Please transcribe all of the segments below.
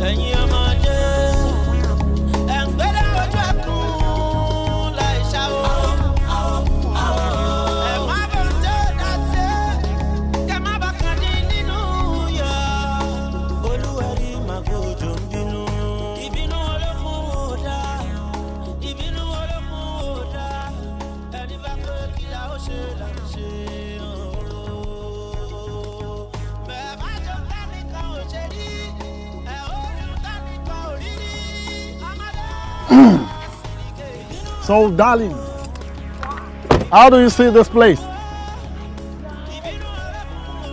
朋友。So, darling, how do you see this place?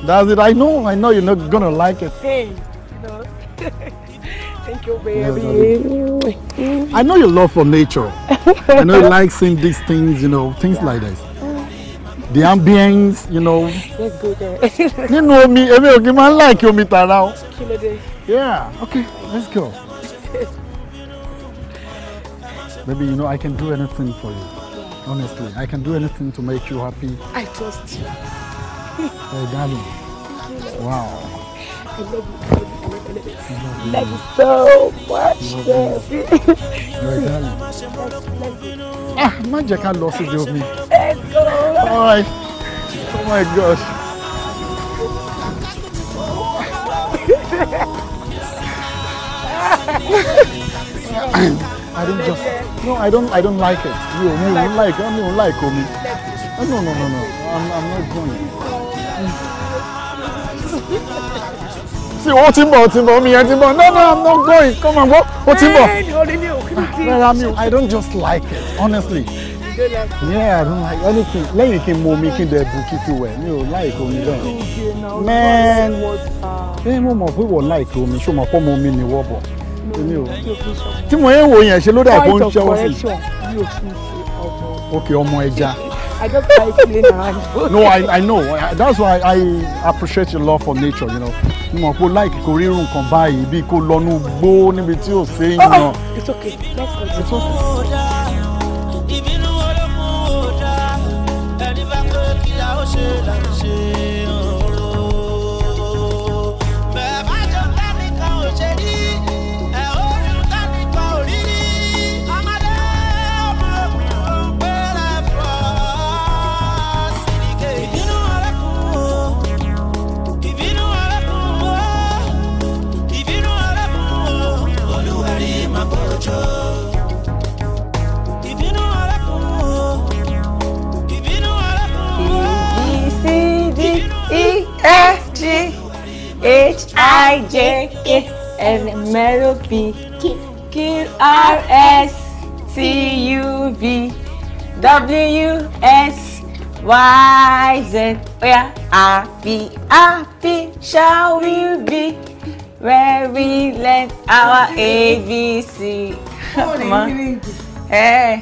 Does it. I know, I know you're not gonna like it. Hey, you Thank you, baby. Yes, I know your love for nature. I know you like seeing these things, you know, things yeah. like this. The ambience, you know. Let's go there. you know me, every okay man like you, me Yeah. Okay, let's go. Baby, you know, I can do anything for you. Honestly, I can do anything to make you happy. I trust you. hey, darling. You, wow. I love you. I love you so much, baby. You're darling. Ah, má jẹ́ ká lọ sí Jomi. Let's go. All right. Oh my gosh. I don't just no. I don't. I don't like it. You, you like, like. I don't like omi. Oh, no, no, no, no. I'm, I'm not going. See, ó ti ń bọ̀, ó ti ń bọ̀, omi yẹn No, no, I'm not going. Come on, go. Ó ti ń bọ̀. Rárá mi, I don't just like it, honestly. Yeah, I don't like anything. Let kí n mu omi kí n dẹ̀ bu kíkú wẹ̀, like omi bẹ́ẹ̀. Man, ṣé eh, mo mọ̀ pé like omi? Show my poor pé mo omi ni wọ́ ti ní o tí mo yẹn wò yẹn ṣe ló dà kó ń ṣẹ́wọ́ sí i ọmọ ẹja. no I I know that's why I appreciate your love for nature you know mo mọ̀ like kò rírun kan báyìí bí kò lọ́nu gbó níbi tí ò séyìn náà. it's okay let's continue. it's dá ẹni bá pé kí la ó ṣe là ṣe I J K L M L O P Q R S T U V W S Y Z. Oh yeah, happy, happy shall we be where we learn our ABC. Ma, hey. Eh.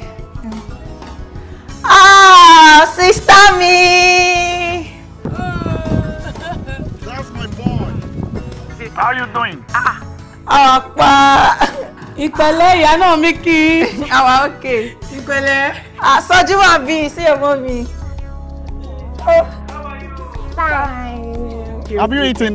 Ah, sister me. How you doing? Ah, ah, Ọ̀pá ìpẹ̀lẹ́ ìyá náà mi kí àwa ah, òkè. Ìpẹ̀lẹ́. Àsọjú wà bí sí ọmọ mi. Fine. Have you eaten?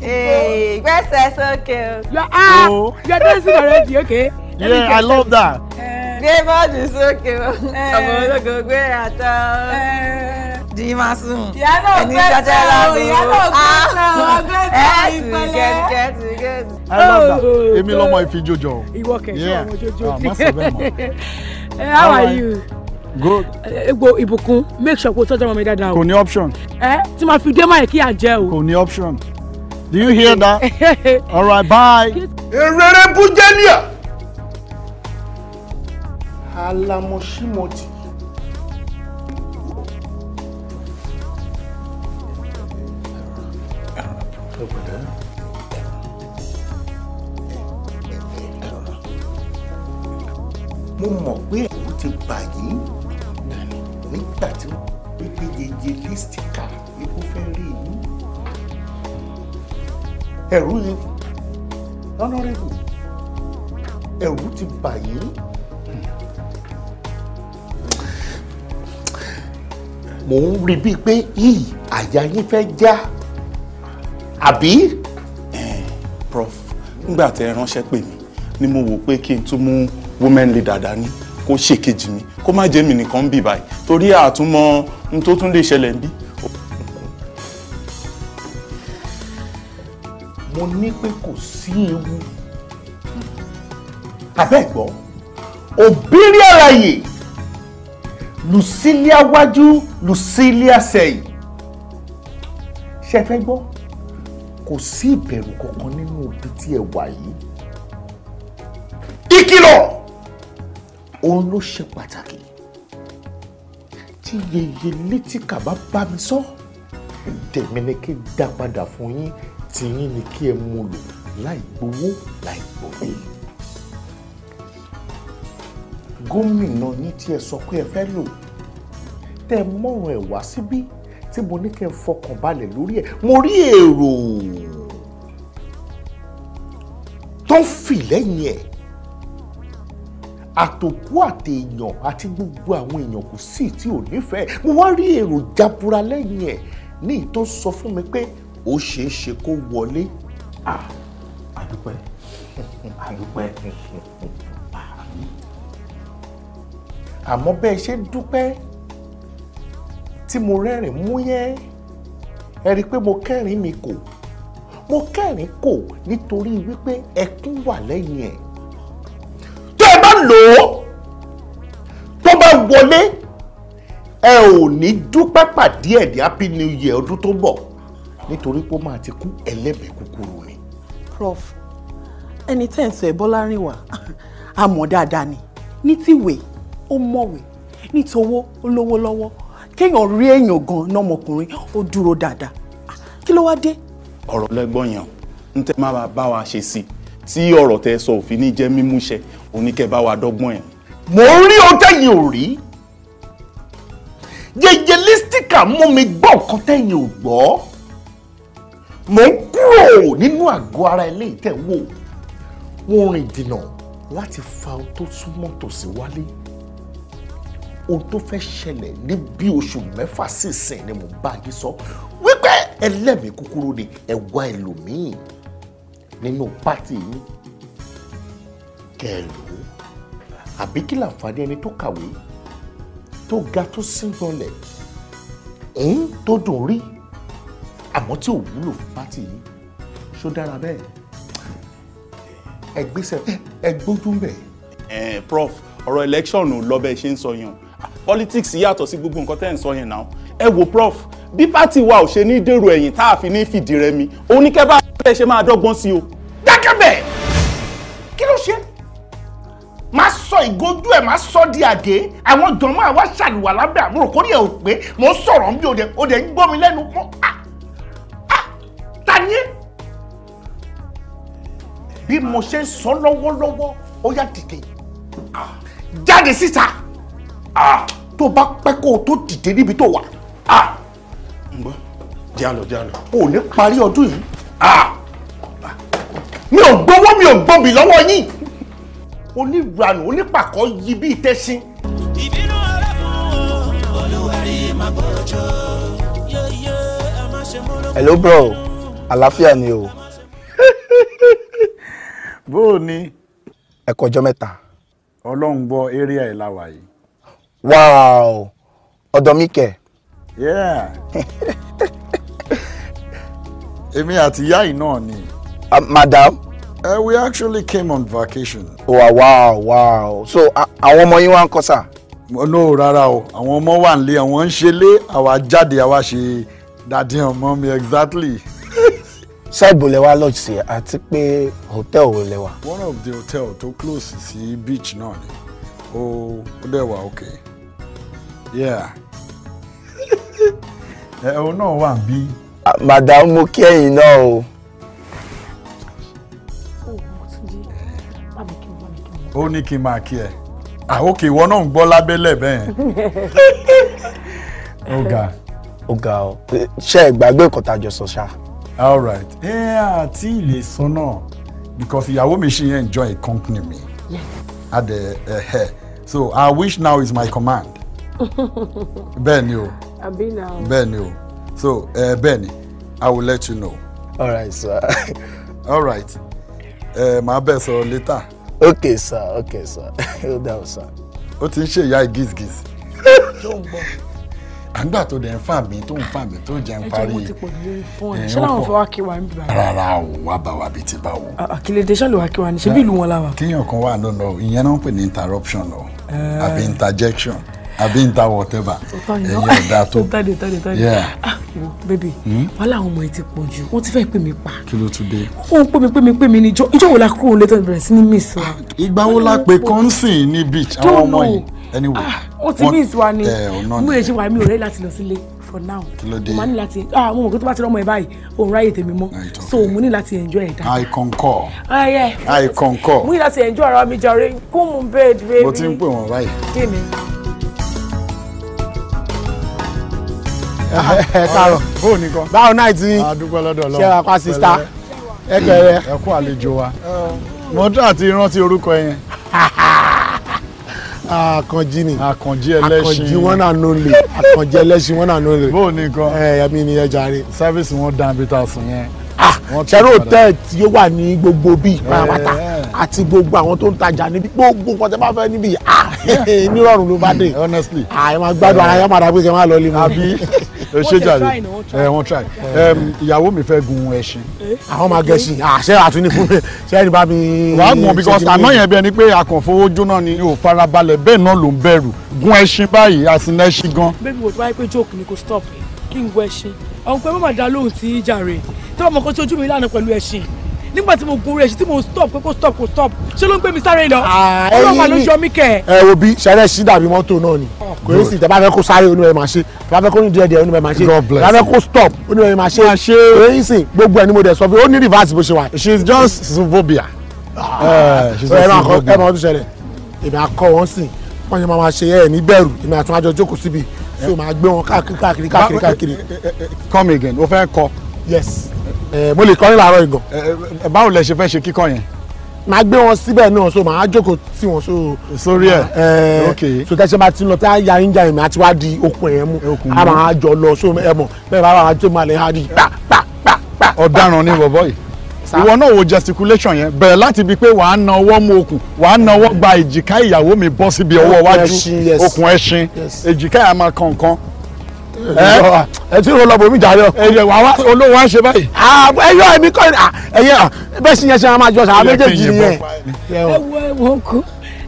Hey, breast is okay. Yeah, ah, oh. you're dancing already, okay? yeah, I love that. Uh, gbé bọ́ọ̀dù sókè o ọmọ eh. ológo gbé ata o di máa sùn ẹni jẹjẹ lágbo ẹ tù gẹ́gẹ́ tù gẹ́gẹ́. I ah, love oh, that èmi lọmọ ìfijójọ. ìwọ kẹsàn-án ọmọ jójó. Ah, eh, how are you? good. egbo eh, ìbùkún make sure kó tọ́jú ọmọ mi dáadáa o. kò ní option. ẹ tí màá fi dé máa kí à jẹ o. kò ní option. do you hear that? all right bye. èrèrè bú jẹ́líà alamọ̀ṣímọ̀tì. mo mọ̀ pé ẹ̀rù ti bà yín nígbà tí wípé yeye lístíkà ikú fẹ́ rí yín ẹ̀rù yín lọ́nà rẹ̀ ẹ̀rù ti bà yín. mò ń rí bíi pé yìí àyà yín fẹ́ já àbí. prof nígbà tẹ ẹ ránṣẹ́ pè mí ni mo wò pé kí n tún mú women leader dání kó ṣèkejì mi kó má jẹ́ mi nìkan bì báyìí torí àtúmọ̀ n tó tún lè ṣẹlẹ̀ níbí. mo ní pé kò sí ewu abẹ́gbọ́ òbí àlàyé. Lucilia wájú Lucilia sẹ́yìn ṣe fẹ́ gbọ́ kò sí ìbẹ̀rù kankan nínú ibi tí ẹ wà yìí ìkìlọ̀ òun ló ṣe pàtàkì tí yeye létí kàbá bá mi sọ tèmi ni kí dá padà fún yín tìyín ni kí ẹ mú lò láì gbowó láì gbowó gómìnà yín tí ẹ sọ pé ẹ fẹ́ lò tẹ́ ẹ mọ̀ràn ẹ̀ wá síbí tí mo ní kẹ́ ẹ fọkàn balẹ̀ lórí ẹ̀ mo rí èrò tó ń fì lẹ́yìn ẹ̀ àtòkú àtèèyàn àti gbogbo àwọn èèyàn kò sí tí ò nífẹ̀ẹ́ mo wá rí èrò jabura lẹ́yìn ẹ̀ ní ìtò sọ fún mi pé ó ṣeé ṣe kó wọlé. àdúpẹ́ àdúpẹ́ àmọ́ bẹ́ẹ̀ ṣe dúpẹ́ tí mo rẹ́rìn múyẹ́ ẹ rí i pé mo kẹ́rìn mi kò mo kẹ́rìn kò nítorí wípé ẹkún wà lẹ́yìn ẹ̀ tó ẹ bá lò ó tó bá wọlé ẹ ò ní dúpẹ́ pàdé ẹ̀ ní happy new year ọdún tó bọ̀ nítorí pé ó máa ti kú ẹlẹ́bẹ̀ẹ́ kúkúrú ni. prof ẹni tẹ́ ẹ̀ sọ ẹ̀ Bọ́lárìnwá àmọ́ dáadáa ni ní tìwèé ó mọ̀wé nítòwó ó lówó lọ́wọ́ kéèyàn rí èèyàn gan nọmọkùnrin ó dúró dáadáa ah, kí ló wá dé. ọ̀rọ̀ lẹ́gbọ́n yẹn ń tẹ́ má bàa bá wa ṣe sí i tí ọ̀rọ̀ tẹ sọ òfin ní jẹ́ mímúṣẹ oníkẹ́ bá wa dọ́gbọ́n yẹn. mo ń rí ọtẹ yìí ò rí yeye lístíkà mú mi gbọ́ ọ̀kan tẹ̀yìn ò gbọ́ mo ń kúrò nínú àgọ́ ara ilé ìtẹ̀wò wọ́n rìn dìnà láti fa ohun tó súnmọ́ tòsí wálé ohun tó fẹ́ ṣẹlẹ̀ ní bí oṣù mẹ́fà sísìn ni mo bá yín sọ wípé ẹlẹ́mìí kúkúrú ni ẹ wá ẹlòmíì nínú pátì yín kẹrù àbí kí làǹfààní ẹni tó kàwé tó ga tó síngbọnlẹ̀ ń tó dùn rí àmọ́ tí ò wúlò fún pátì yìí ṣó dára bẹ́ẹ̀ ẹ gbéṣẹ́ ẹ ń bẹ̀. Eh, prof ọ̀rọ̀ election lọ bẹ́ẹ̀ ṣe ń sọ yàn politics yàtọ̀ sí gbogbo nǹkan tẹ́ ń sọ yẹn náà ẹ wo prof bí pátì wa ò ṣe ní dèrò ẹ̀yìn tá a fi ní fìdí rẹ mi òun ní kẹ́ bá fẹ́ ṣe máa dọ́gbọ́n sí o. dákẹ́ bẹ́ẹ̀ kí ló ṣe máa sọ ìgójú ẹ̀ máa sọ di àgé àwọn jọ̀mọ́ àwa ṣàlùwà lábẹ́ àmúrò kórè ẹ̀ ò pé mò ń sọ̀rọ̀ ń bí òde òde ń gbọ́ mi lẹ́nu mọ́ a a ta ni ẹ́ bí mo ṣe ń sọ lọ́wọ́lọ́wọ́ ó yá dìde jáde síta tó bá pẹ́ kó tó dìde níbi tó wà. ǹgbọ́ jẹ́ àlọ́ jẹ́ àlọ́. o ò ní parí ọdún yìí. mi ò gbowó mi ò gbòbì lọ́wọ́ yín. oníranù onípàkọ́ yí bí tẹ́sí. ìbínú ọlọ́run olúwẹ̀rí máa bọ̀jọ́ yóyó ẹ má ṣe mú lókun. hello bro àlàáfíà ni o. bó o ní. ẹ kọjọ mẹ́ta. ọlọ́run gbọ́ eré ẹ̀ la wà yìí wow ọ̀dọ̀ Yeah. kẹ̀. èmi àti ìyá yìí náà ni. Uh, madam. Uh, we actually came on vacation. wow oh, wow wow so àwọn ọmọ yín wá ń kọ́ sà. no rárá o àwọn ọmọ wà nílé àwọn ń ṣe lé àwa jáde àwa ṣe dàdí ọmọ mi exactly. ṣáìbù lẹ́wà lodge sí àti pé hotel wo lẹ́wà. one of the hotel tó close sí beach náà ni oh, ó dẹ̀ wà okay ẹ̀hún eh, náà wà bí. madam mo kí ẹ̀yin náà o. ó ní kí n máa kí ẹ àókè ìwọ náà ń gbọ́ lábẹ́lẹ̀ bẹ́ẹ̀. ó ga. ó ga ọ ṣe é gbàgbé ìkọ̀tàjọ sọ ṣá. all right ẹ àti ilé sọ náà because ìyàwó mi ṣe enjoy company mi. Yes. Adé, uh, eh, eh. so our wish now is my command. bẹ́ẹ̀ ni o bẹ́ẹ̀ o so uh, i will let you know. all right sir. all right uh, màá bẹ̀ later. ok sir ok sir ó dà sir. ó ti ń ṣe ìyá gígìs. àgbà tó dẹ̀ ń fà mí tó ń fà mí tó jẹun parí. ẹjọ́ mo ti pọ̀ lórí fún ẹ ṣé làwọn fọwọ́ kí wa ń bá wa. rárá o wá bá wa bíi ti bá wo. àkìlẹ̀dẹ̀ ṣáà ló wá kí wa ni ṣé bí ìlú wọn la wà. kíyàn kan wà lọ́nà ìyẹn náà ń pè ní interruption o àbí interjection. Uh àbí n ta whatever ẹ̀yin ọ̀dà tó tọ́de tọ́de tọ́de bébì wàhálà àwọn ọmọ yìí ti pọ̀ jù wọ́n ti fẹ́ pè mí pa kí ló tún dé ó ń pè mí pè mí pè mí ní ìjọ ìjọ wo la kúrò létọ́ bẹ̀rẹ̀ sí ní miss wa. Ah, ìgbà wo la pè kọ́ńsìn ní beach àwọn ọmọ yìí anyway ah, ó ti miss wa ni mú èsì wa mi ò rẹ́ láti lọ sílé for now mo máa ní láti ah mo mọ̀ pé tó bá ti rọ́mọ ẹ báyìí òun ráyè tèmi mọ́ so mo ní láti enjoy ẹ̀ dáadáa. i concur ah, i concur mo ní láti enjoy ara mi jàre kó mo bẹ́ẹ̀ dúró. mo ti ń pè wọ́n báyìí. kí ni. ẹ káàárọ̀ bóò nìkan báwo náà ti ṣe wà pa sista ẹ kẹrẹ ẹ kú àlejò wa mo tún àti rántí orúkọ yẹn. Àkànjí ni Àkànjí ẹlẹ́ṣin Àkànjí wọn náà ló lè Àkànjí ẹlẹ́ṣin wọn náà ló lè. bóò nìkan ẹ ẹmí ni ẹ jàre. sáfíìsì wọn dán abita sùn yẹn. Ah, ṣẹ́rú hòtẹ́ẹ̀lì tí ó wà ní gbogbo bíi pàápàá àti gbogbo àwọn tó ń tajà níbi gbogbo nǹkan tẹ́ bá fẹ́ níbi ah, nírọ̀rùn ló bá dé. honestly. àyè ah, máa gbádùn ara yẹn máa dàgbé kẹ́ máa lọ lé mọ́. àbí ẹ ṣe jàre ẹ wọn try eh, ìyàwó mi fẹ́ gun ẹṣin. Eh? àwọn máa gẹṣin àṣẹ ah, àtúní fún mi ṣé ẹni bá mi. wàá gun because àná yẹn bí ẹni pé àkànfowó jóná ni yóò farabalẹ̀ bẹ́ẹ̀ náà ló ń bẹ̀rù gun ẹṣin báyìí àsìn ẹṣin gan. bébí wo tó wáyé pé jókòó ni kò stop kí n gun ẹṣin ọ̀hún pé mọ́mọ́ dá lóhùn tí jàre tí wọ́n mọ̀ kó tí ojú mi lánàá pẹ̀lú ẹṣin nígbà tí mo gun rẹ̀ ṣe tí mo stop pé kó stop kó stop ṣé ló ń gbé mi sáré lọ. Ah, ọlọ́pàá ló yọ mí kẹ̀. ẹ wo bí sẹ́rẹ́ sí dàbí mọ́tò náà ni oh, kò ní sí tẹ́ bá fẹ́ kó sáré onú ẹ̀ máa ṣe tẹ́ bá fẹ́ kó ní díẹ̀ díẹ̀ onú ẹ̀ máa ṣe tẹ́ bá fẹ́ kó stop onú ẹ̀ máa ṣe kò ní sí gbogbo ẹ̀ ni mo dẹ̀ sọ fún ó ní reverse bó ṣe wà. she is just zubobia. Ah, eh, ẹ máa kọ ẹ èmi àkọ wọn sìn wọn yẹn máa ṣe ẹ ní bẹ̀rù èmi àtúnwá jọ jókòó síbi so máa gbé wọn káàkiri káàkiri káàkiri. come again o fẹ́ kọ. yes mo lè kọrin láàárọ̀ ìgàn. báwo lẹ ṣe fẹ́ ṣe kíkọ yẹn. màá gbé wọn síbẹ̀ náà so màá jókòó tí wọn so. sórí ẹ ok so tẹ́sí máa ti lọ tí a ya yín jà yín mi àti wá di okun ẹ̀yẹn mú a máa jọ lọ so ẹ mọ̀ bẹ́ẹ̀ bá wà á tó máa lè ha di pa pa pa pa. ọ̀daràn ni bọ̀bọ̀ yìí ìwọ náà wo gesticulation yẹn bẹ̀rẹ̀ láti bi pé wà á na ọwọ́ mú okùn wà á na ọwọ́ gba èjìká ìyàwó mi bọ́ síbi ọwọ́ iwájú okùn ẹṣin èjìká yà máa kàn kan ẹ tí ro lọ́bọ̀ mi jàre ọ. ẹyẹ wàá olówó wá ṣe báyìí. ẹyọ ẹmí kọ́ ẹyẹ bẹ́ẹ̀ sì yẹn ṣe máa jọ sàá méjèèjì nìyẹn. ẹ wo ẹ wo ko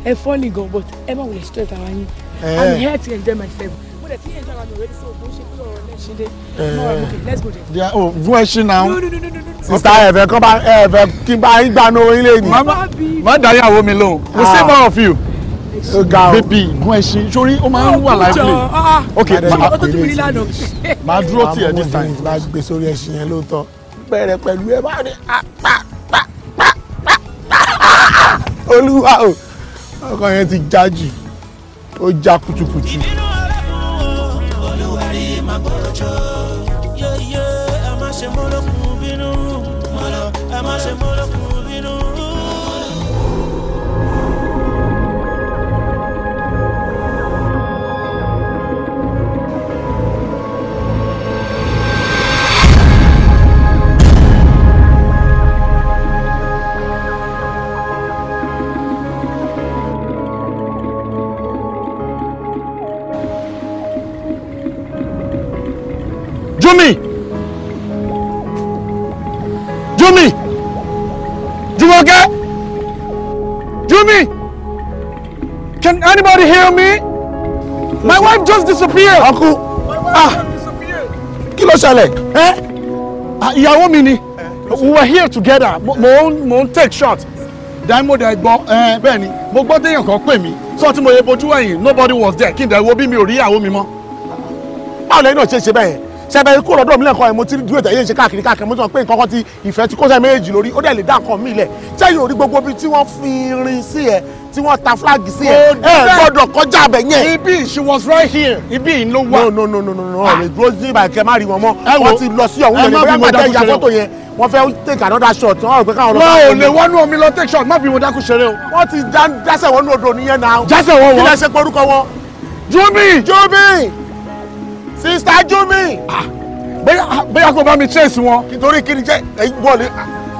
ẹ fọ́ ni gan but ẹ má wulẹ̀ stress ara yín i'm here to enjoy myself mo dẹ̀ ti yẹn sára mi already so mo ṣe kí ọ̀rọ̀ náà ṣe dé mo rà mọ́kè let's go there. Oh, o fún ẹ ṣí náà sista ẹ̀fẹ̀ kí n bá yín gbaná orílẹ̀-èdè. má dá yàwó mi lóhùn we ah. say more of you bébì gun ẹṣin sórí ó máa ń wà láìpẹ́ ok máa dúró tiẹ̀ this time. máa gbé sórí ẹṣin yẹn lóòótọ́ bẹ̀rẹ̀ pẹ̀lú ẹ bá rí olúwa o ọkọ yẹn ti já jù ó já kutukutu. Jumi! Jumi! Jumoke! Jumi! Can anybody hear me? My wife just disappeared. Uncle. My wife ah. just disappeared. Kí ló ṣẹlẹ̀? Eh? Ah, ìyàwó mi ni. Eh, We were here together. Mo mo ń take shot. Daimode gbọ́ eh, bẹ́ẹ̀ ni. Mo gbọ́ téèyàn kan pè mí. Sọ tí mo yẹ bojú ẹ̀yìn nobody was there. Kí n dẹ̀ wo bí mi ò rí ìyàwó mi mọ́. Báwo lẹ́yìn náà ṣe ṣe bẹ́ẹ̀? sẹ́bẹ̀ kó lọ́dọ̀ mi lẹ́kọ̀ọ́ ẹ̀ mo ti dúró tẹ̀yẹ́ ìṣe káàkiri káàkiri mo pé nǹkan kan ti ìfẹ́ ti kó sẹ́ méjèèjì lórí ó dẹ̀ lè dá nǹkan mi lẹ̀ sẹ́yìn orí gbogbo bíi tí wọ́n fi irin sí ẹ tí wọ́n ta flag sí ẹ ẹ gbọ́dọ̀ kọjá abẹ yẹn. ibi she was right here ibi yìí ló wà. no no no no no ọ̀rẹ́ ah. dúró sí ibà kẹ́ má rí wọn mọ́ wọ́n ti lọ sí ọ̀hún lórí bóyá pàtẹ́ ìyá wọ́n fẹ́ take another shot wọ́n rò pé káwọn lọ. wọn ò lè wọnú omi lọ take shot má bí mo dákú ṣeré o. wọ́n ti jásẹ̀ wọnú odò nìyẹn náà. jásẹ̀ wọ́n wọ́n. kí lẹ ṣe orúkọ wọn. jumi jumi sista jumi. Ah, bóyá ah, kò bá mi chase wọn. nítorí kí ni jẹ́ ẹ̀yin wọlé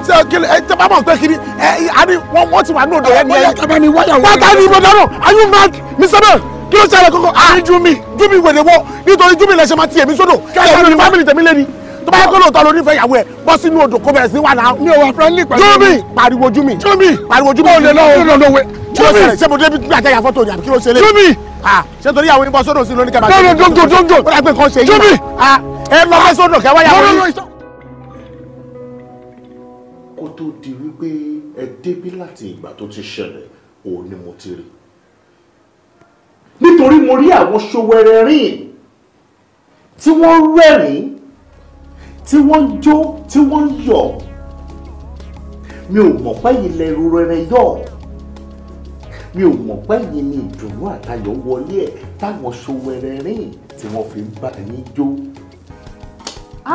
tí a kele ẹ tẹ bá mọ̀ pé kiri ẹ ani wọ́n wọ́n ti wà ní odò yẹn ni ẹ. ni wáyà wọ́n. pátá ni ìbọn náà are you mad mr bell kí ló ṣẹlẹ̀ kókó àní ah, jumi jumi wèlé wọ nítorí jumi lẹ ṣe máa ti èmi sódò kẹ́hìn ní family tèmi lẹ́ni tó bá yẹ kó lóòótọ́ lórí ìfẹ́ ìyàwó ẹ bọ́ sínú odò kó bẹ̀rẹ̀ sí wà náà. mi ò wà friendly pẹ̀lú. jumi pariwo jumi jumi pariwo jumi. o lè lè lọ wẹ. jumi ṣé mo débi gbàjẹ́ yàfọ́ tó ní àbí kí ló ṣe lé. jumi Ah, ṣé torí àwọn ìbọn sódò sí lónìí kẹfà. lọ́dọ̀ dọ́dọ̀ dọ́dọ̀ ó dàgbé kan ṣe yìí. jọ́bì ah, ẹ lọ fẹ́ sódò kẹwàá yàwó yìí. kó tó di wípé ẹ débí láti ìgbà tó ti ṣẹlẹ̀ òun ni mo ti rí nítorí mo rí àwọn ṣòwẹ́rẹ́ rìn tí wọ́n rẹ́rìn tí wọ́n jó tí wọ́n ń mi ò mọ̀ pé ilẹ̀ ìrora ẹni yọ̀ mi ò mọ̀ báyìí ni ìdùnnú àtayọ̀ wọlé ẹ̀ táwọn Sowore rìn tí wọ́n fi ń bá yín jó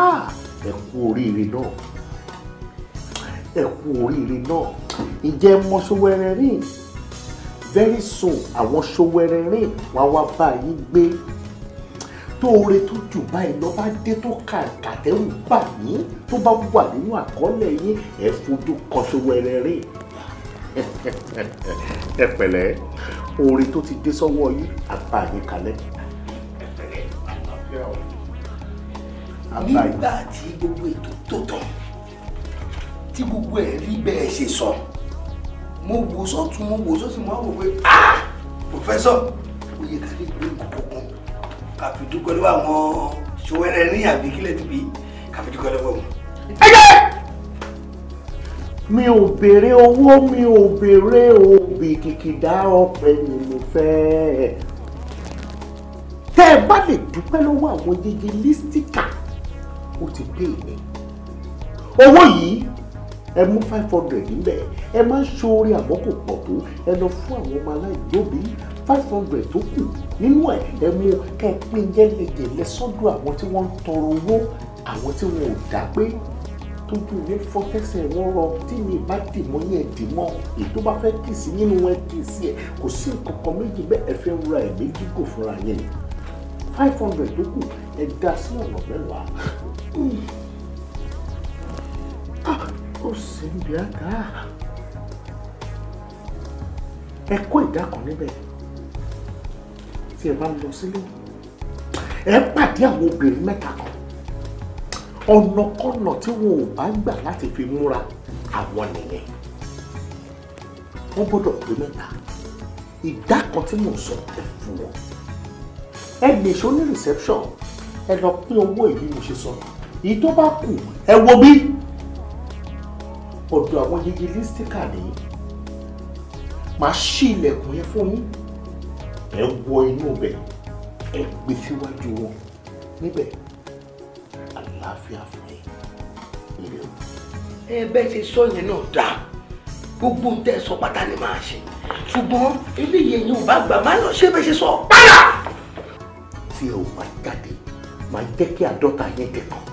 ah, ẹ kú oríire náà ẹ kú oríire náà ìjẹ́ mọ Sowore rìn very soon àwọn Sowore rìn wá wá bá yín gbé tóore tó jù báyìí lọ bá dé tó kàkàtẹ́wù bà yín tó bá wà nínú àkọọ́lẹ̀ yín ẹ fojú kan Sowore rìn ẹ pẹ̀lẹ́ oore tó ti dé sọ́wọ́ yìí àbá yín kalẹ̀. nígbà tí gbogbo ètò tó tán tí gbogbo ẹ̀ rí bẹ́ẹ̀ ṣe sọ mo wò sọ́tún mo wò sọ́tún mo wò pé ah pòfẹ́sọ̀ oyè ká lè gbé nǹkan kan kàfi dúpẹ́ lọ́wọ́ àwọn ṣòwẹ́rẹ́ ní àbíkílẹ̀ tìbí kàfi dúpẹ́ lọ́wọ́ wọn. ẹ jẹ́ mi ò béèrè owó mi ò béèrè òbí kìkìdá ọ̀pẹ ni mo fẹ́. tẹ́ ẹ bá lè dúpẹ́ lọ́wọ́ àwọn yege lístíkà ó ti pè é owó yìí ẹ mú five hundred níbẹ̀ ẹ máa ń ṣoore àmọ́ kò pọ̀ tó ẹ lọ fún àwọn ọmọ aláìlóbi five hundred tó kù nínú ẹ̀ ẹ mú kẹ́ ẹ pín jẹ́lẹ̀jẹ̀lẹ̀ sọ́dọ̀ àwọn tí wọ́n ń tọrọ owó àwọn tí wọn ò dá pé tójú mi fọ́ tẹ́sẹ̀ wọn rọ tí mi bá dì mọ́ yẹn dì mọ́ ètò bá fẹ́ kì sí nínú wọn kì sí ẹ̀ kò sí nǹkan kan méjì bẹ́ẹ̀ ẹ fẹ́ wúra ẹ̀ méjì kò fúnra yẹn five hundred tó kù ẹ dá sí ọ̀nà mẹ́wàá ó sì ń bí àdá ẹ kó ìdá kan níbẹ̀ tí ẹ bá lọ sílé ẹ pàdé àwọn obìnrin mẹ́ta kan ọ̀nàkọ́nà tí wọn ò bá gbà láti fi múra àwọn nìyẹn wọ́n gbọ́dọ̀ pé mẹ́ta ìdá kan tí mò ń sọ ẹ fún wọn ẹ gbèsò ní reception ẹ lọ pín owó èyí mo ṣe sọ èyí tó bá kù ẹ wo bí ọ̀dọ̀ àwọn yeye lístíkà nìyí màá ṣí ilẹ̀kùn yẹn fún yín ẹ wọ inú bẹ̀ ẹ gbé síwájú wọn níbẹ̀ àlàáfíà fún yín nílé o. ẹ bẹ́ẹ̀ ṣe sọ yẹn náà dáa gbogbo ń sọ pátá ni màá ṣe ṣùgbọ́n eléyìí ẹ̀yin ò bá gbà má lọ ṣe bẹ́ẹ̀ ṣe sọ padà. tí ẹ bá jáde máa jẹ́ kí àádọ́ta yẹn dẹ̀kan.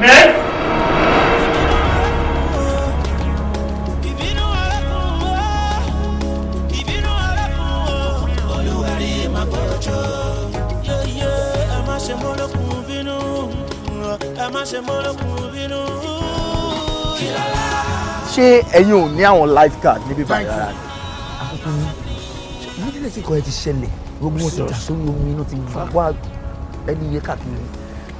mẹ́rin. ṣé ẹ̀yin ò ní àwọn lifeguard níbí báyìí rárá ni. àkókò ni nígbà tí nǹkan ẹ ti ṣẹlẹ̀ gbogbo wọn ti sórí omi iná ti wá ẹni yẹ káàkiri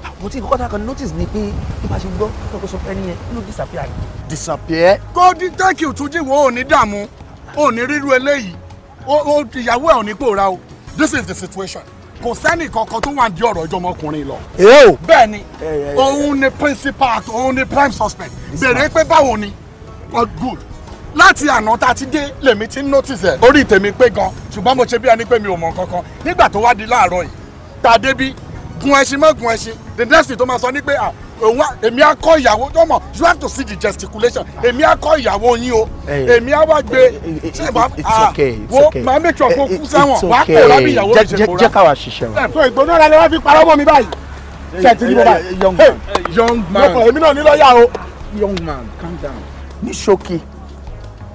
àwọn tí nǹkan kan notice ni pé bí wàá ṣe gbọ́ tó sọ ẹni yẹn ló disappear ni. disappear. kó dín tẹ́kì wo ò ní dààmú ò ní ríru eléyìí ìyàwó ẹ̀ ò ní pòórá o this is the situation kò sẹ́ni kankan tó wà ní ọ̀rọ̀ ẹjọ́ ọmọkùnrin lọ. bẹ́ẹ̀ ni òun ni principal òun ni prime suspect bèrè pé báwo ni God good láti àná tá a ti dé lèmi ti ń notice ẹ̀ orí tèmi pé gan ṣùgbọ́n mo ṣe bí ẹni pé mi ò mọ̀ kankan nígbà tó wá di láàárọ̀ yìí tá a débi gun ẹṣin mọ́ gun ẹṣin the next thing tó máa sọ ni pé ah, òun èmi á kọ́ ìyàwó tó mọ̀ you have to see the gesticulation èmi á kọ́ ìyàwó yín o eh, èmi á wá gbé eh, eh, ah, wo máa make kó kú sẹ́wọ̀n wàá kó rábì ìyàwó rẹ̀ ṣe kóra jẹ́ káwa ṣiṣẹ́ o. so ìgbóná ara ni wọ́n fi parọ́ mọ́ mi báyìí ṣe ti ní bọ́ báyìí young man young man calm down ní ṣókí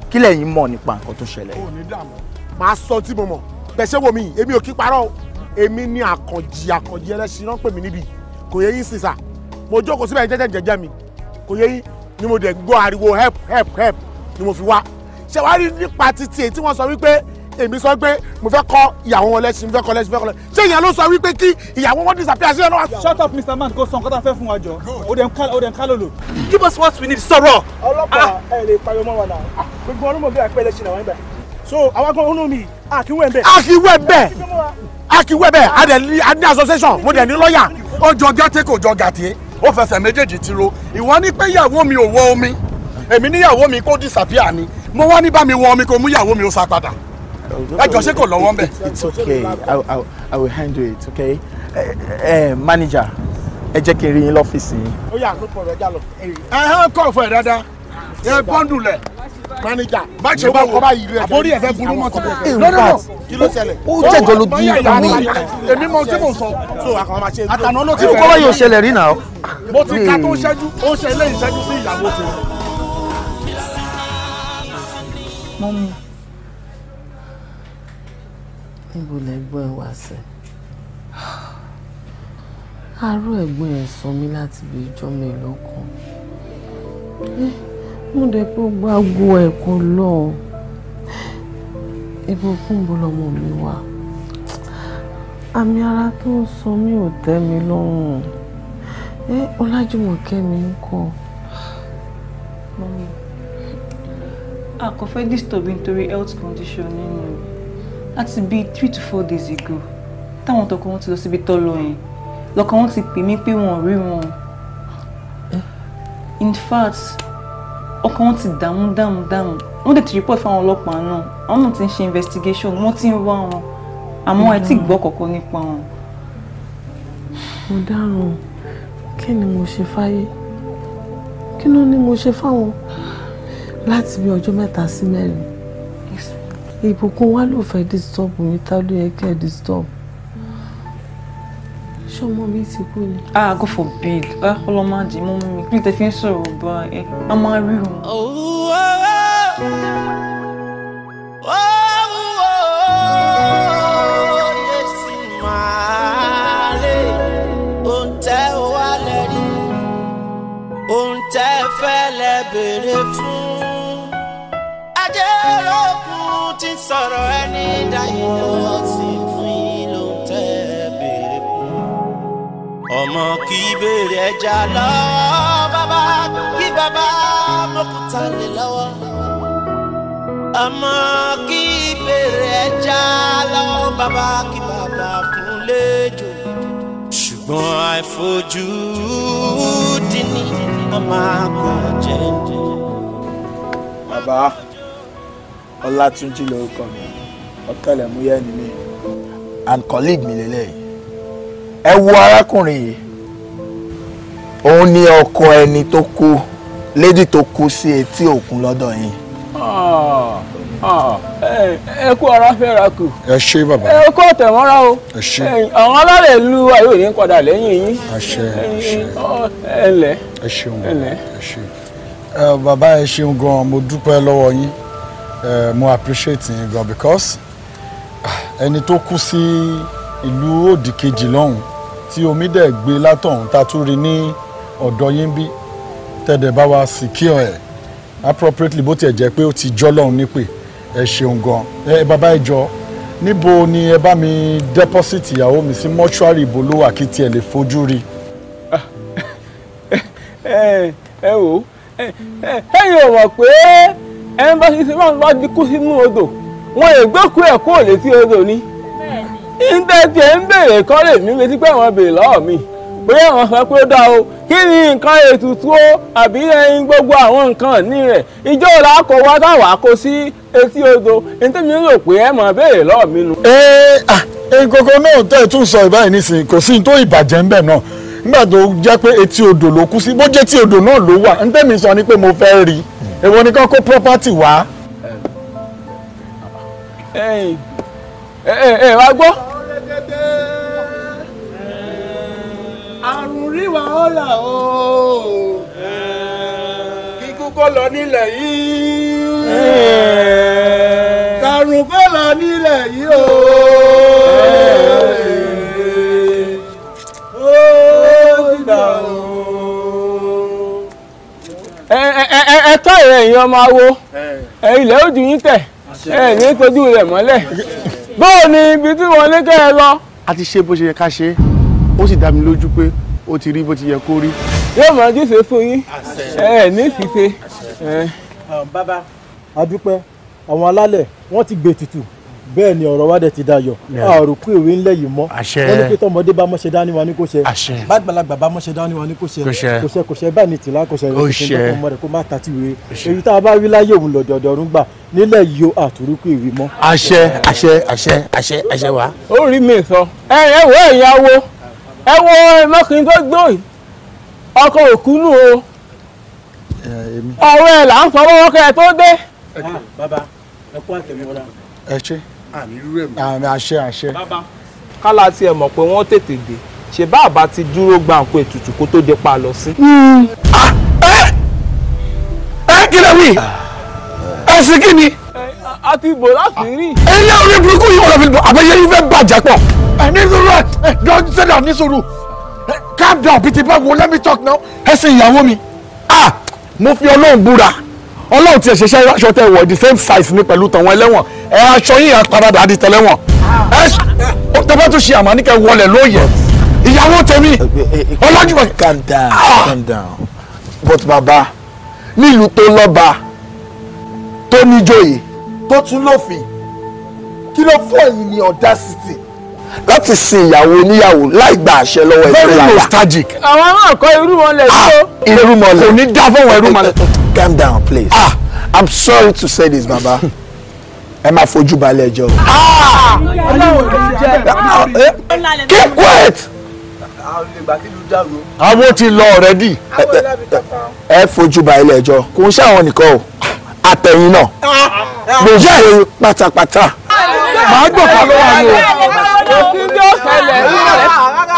kí lẹ́yìn mọ̀ nípa nǹkan tó ṣẹlẹ̀. ò ní dààmú màá sọ tí mo mọ̀ bẹ̀ṣẹ̀ wo mi èmi ò kí parọ́ èmi ní àkànjì àkànjì ẹlẹ́sìn náà pè mí níbi kò yẹ yín sísà mo jókòó síbẹ̀ jẹ́jẹ́ jẹ́jẹ́ mi kò yẹ yín ni mo dẹ̀ gbọ́ ariwo help help help ni mo fi wá ṣe wá rí nípa títí èyí tí wọ́n sọ wípé èmi sọ pé mo fẹ́ kọ́ ìyàwó wọn lẹ́sìn mo fẹ́ kọ́ lẹ́sìn mo fẹ́ kọ́ lẹ́sìn ṣé ìyẹn ló sọ wípé kí ìyàwó wọn disappear ṣé ẹnu. shut up mr man kò sọ nǹkan tá a fẹ́ fún wa jọ o dẹ̀ ká o dẹ̀ ká lòlò. give us what we need sọ̀rọ̀. ọlọ́pàá ah. ẹ lè pariwo mọ́ wa náà gbogbo ọdún mọ̀ bí àpẹẹrẹ ṣe làwọn ẹgbẹ́ so àwọn kan ọ̀nà mi àkíwẹ̀ bẹ́ẹ̀. àkíwẹ̀ bẹ́ẹ̀ àkíwẹ̀ bẹ́ẹ̀ a dẹ̀ ní a ní association mo dẹ̀ ní lọ́ọ̀yà. ó jọ gàtẹ́ kò jọ gàtẹ́ ó fẹsẹ̀ méjèèjì ti ro ìwọ ní pé ìyàwó mi ò wọ omi èmi níyàwó mi kó disappear ni mo wá ní bá mi wọ omi kó mú ìyàwó mi ó sá padà ẹ jọ kò lọ́wọ́ ń it's okay I, I, i will handle it okay uh, uh, manager ẹ jẹ́ kí n rí yín lọ́fíìsì yín. ó yà àkókò rẹ̀ jà lọ. ẹ hàn kọ́ fún ẹ dáadáa ẹ bọ́ndù lẹ̀ manager má ṣe wá wò àbórí ẹ̀fẹ́ burú mọ́ sílẹ̀. no no no kí ló ṣẹlẹ̀. ó jẹ̀jọ́ ló di mi. èmi mọ tí mò sọ. so àkàwọn máa ṣe é. àtànà ló ti kọ́ wáyé òṣèlè rí náà. mo ti ka tó hmm. ṣẹ́jú ó ṣe ilé ìṣẹ́jú sí ìyàwó tiwọn níbo lẹ́gbọ́n ẹ wá sí àárò ẹ̀gbọ́n ẹ̀ sọ mí láti bí ijọ́ mélòó kan eh, mo dẹ̀ pé gbágbó ẹ̀ kò lọ ibùkún bo lọmọ mi wà àmì ara tó ń sọ mí ò tẹ́ mi lọ́rùn ẹ eh, ọlájúmọ̀kẹ́ mi ń kọ́. a kò fẹ́ disturb nítorí health condition nínú láti bíi three to four days ago táwọn tọkọ wọn ti lọ síbi tọ́ lọ yẹn lọkọ wọn ti pè mí pé wọn ò rí wọn in fact ọkọ wọn ti dààmú dààmú dààmú wọn tètè report fáwọn ọlọ́pàá náà àwọn náà ti ń ṣe investigation wọn ti ń wá wọn àmọ́ ẹ ti gbọ́ kọ̀ọ̀kan nípa wọn. mo dáràn kí ni mo ṣe fáyé kí ló ní mo ṣe fáwọn láti bí ọjọ́ mẹ́ta sí mẹ́rin ìbùkún wa ló fẹ́ disturb mi ta ló yẹ kẹ́ disturb ṣọmọ mi ti kú ni. ah go for bed ah, ọlọmọ àjẹ mọ mi kí n tẹ fi ń sọ̀rọ̀ bọ ẹ a máa rí o. Oh, oh, oh. ohun tẹ́ sọ̀rọ̀ ẹni dáyé ló sì fún yín ló ń tẹ́ béèrè fún. ọmọ kì í béèrè ẹja lọ́wọ́ bàbá kí bàbá mọ́kúta lè lọ́wọ́. ọmọ kì í béèrè ẹja lọ́wọ́ bàbá kí bàbá fún lẹ́jọ́. ṣùgbọ́n àìfojú dínní ọmọ àgbà jẹ́. bàbá. Ọlátúnjí lórúkọ mi ọ̀tẹlẹ̀múyẹ́ ni mí and colleague mi lélẹ́yìí ẹ wo arákùnrin yìí òun ni ọkọ ẹni tó kú lady tó kú sí etí òkun lọ́dọ̀ yìí. Ah, ah, eh, ẹ kú ọ̀rá fẹ́ra kù. ẹ ṣe bàbá. ẹ eh, kú ọ̀tẹ̀mọ́ra o. ẹ ṣe. Eh, àwọn alárẹ̀ ìlú ayọ̀ ní padà lẹ́yìn yín. àṣẹ àṣẹ. ẹ ǹlẹ́. ẹ ṣeun bàbá ẹ ṣeun. bàbá ẹ ṣeun gan-an mo dúpẹ́ lọ́wọ́ yín mo appreciate yín gan because ẹni tó kú sí ìlú òdì kejì lọ́hùn tí omi dẹ̀ gbé látọ̀hún ta tún rí ní ọ̀dọ̀ yín bí tẹ̀dẹ̀ bá wa secure ẹ̀ appropriately bó tiẹ̀ jẹ́ pé ó ti jọ́ lọ́hùn nípè ẹ ṣeun gan ẹ bàbá ẹ jọ níbo ni ẹ bá mi deposit ìyàwó mi sí mọ́ṣúárì ìbò ló wà kí tiẹ̀ lè fojú rí. ẹ ẹ wò ẹ ẹ yóò mọ̀ pé. ẹ ń bá ṣe ṣe máa ń bá di kú sínú odò wọn lè gbẹ́kú ẹ̀ kúrò létí odò ni. ìǹtẹ́ tiẹ̀ ń béèrè kọ́ lè mí létí pé àwọn béèrè lọ́wọ́ mi bóyá àwọn sọ pé ó dá o kí ni nǹkan ètùtù o àbí ẹyin gbogbo àwọn nǹkan ní ìjọ kò wá táwa kó sí etí odò mi rò pé ẹ mọ̀ béèrè lọ́wọ́ mi nu. ẹ ẹ èwo ni kán kó property wá. ẹ ẹ ẹ wá gbọ́. àrùn rí wàhálà o kíkú kó lọ nílẹ̀ yìí kàrùn kó lọ nílẹ̀ yìí o. ẹ tọ́ ìrẹ̀ èèyàn ọmọ awo ilẹ̀ ó dùn yín tẹ̀ ẹ ní tójú rẹ̀ mọ́lẹ̀ bóò ni ibi tí wọ́n ní kẹ́ ẹ lọ. a ti ṣe bó ṣe yẹ ká ṣe ó sì dá mi lójú pé ó ti rí bó ti yẹ kó rí. yóò máa jíṣe fún yín ẹ ní ìfìfẹ́. bàbá a dúpẹ́ àwọn alálẹ̀ wọ́n ti gbètùtù bẹ́ẹ̀ ni ọ̀rọ̀ wa dẹ̀ ti dayọ̀ a rò pé òwe ńlẹ̀ yìí mọ́ wọ́n ní pé tọmọdé bá mọ́ṣẹ́ dání wa ní kò ṣe bàgbàlagbà bá mọ́ṣẹ́ dání wa ní kò ṣe kò ṣe kò ṣe báyìí ni tìlá kò ṣe kò ṣe ọmọ rẹ̀ kó má ta ti wéé èyí tá a bá wí láyé òun lọ́dọọdọ ọ̀run gbà nílẹ̀ yìí o àtúrú pé ìwé mọ́. àṣẹ àṣẹ àṣẹ àṣẹ àṣẹ wa. ó rí mi sọ ẹ ẹ wo ìyàwó ẹ wo mọ́kìnrin tó gbó ọkọ òkúnú o ọ̀rọ̀ ẹ̀ là ń fọwọ́ kẹ́ ẹ tó dé. bàbá ẹ kú àtẹ̀mọ́ra ẹ ṣe. àmì irú ẹ̀ mọ́. àmì àṣẹ àṣẹ. bàbá kálá tiẹ̀ mọ̀ pé wọ́n tètè dé ṣe bá àbá ti dúró gba nǹkan ètùtù kó tó dé pa lọ sí. Hmm. Ah, ẹ kí lè wí ẹsìn kí ni. a ti bò láti rí. ilé orí burúkú yìí wọ́n fi àbẹ̀yẹ yìí fẹ́ bàjẹ́ pọ̀ ẹni sùúrù ẹ don't say that ní sùúrù calm down bìtìbá wo let me talk now ẹsìn ìyàwó mi ah, mo fi Ọlọ́run búra ọlọ́run ti ẹ̀ṣẹ̀ṣẹ̀ aṣọ tẹ wọ̀ the same size ni pẹ̀lú tàwọn ẹlẹ́wọ̀n ẹ aṣọ yìí àparadà àdì tẹlẹ́wọ̀n ẹ tẹ́fẹ́ tó ṣe àmàníkẹ́ wọlé lóye ìyàwó tèmi ọlájúmọ̀. calm down ah! calm down but baba nílùú tó lọ́ba tó níjòyè tó tún lófin kí ló fún ẹ̀yin ní audacity láti sin ìyàwó oníyàwó láì gba àṣẹ lọ́wọ́ ẹgbẹ́ láyà. very nostalgic. àwọn náà kọ irú wọn lẹ tó. irú mọlẹ kò ní dá fọwọ́ irú mọlẹ calm down please. ah i'm sorry to say this baba ẹ máa fojú balẹ̀ ẹjọ́. Ah! keep quiet. àwọn ti lọ already. ẹ fojú balẹ̀ ẹjọ́ kò ń ṣàwọn nìkan o àtẹ̀yìn náà gbèjà ẹ̀yìn pátápátá. màá gbọ̀ká lọ́wọ́ àwọn. òfin bí ó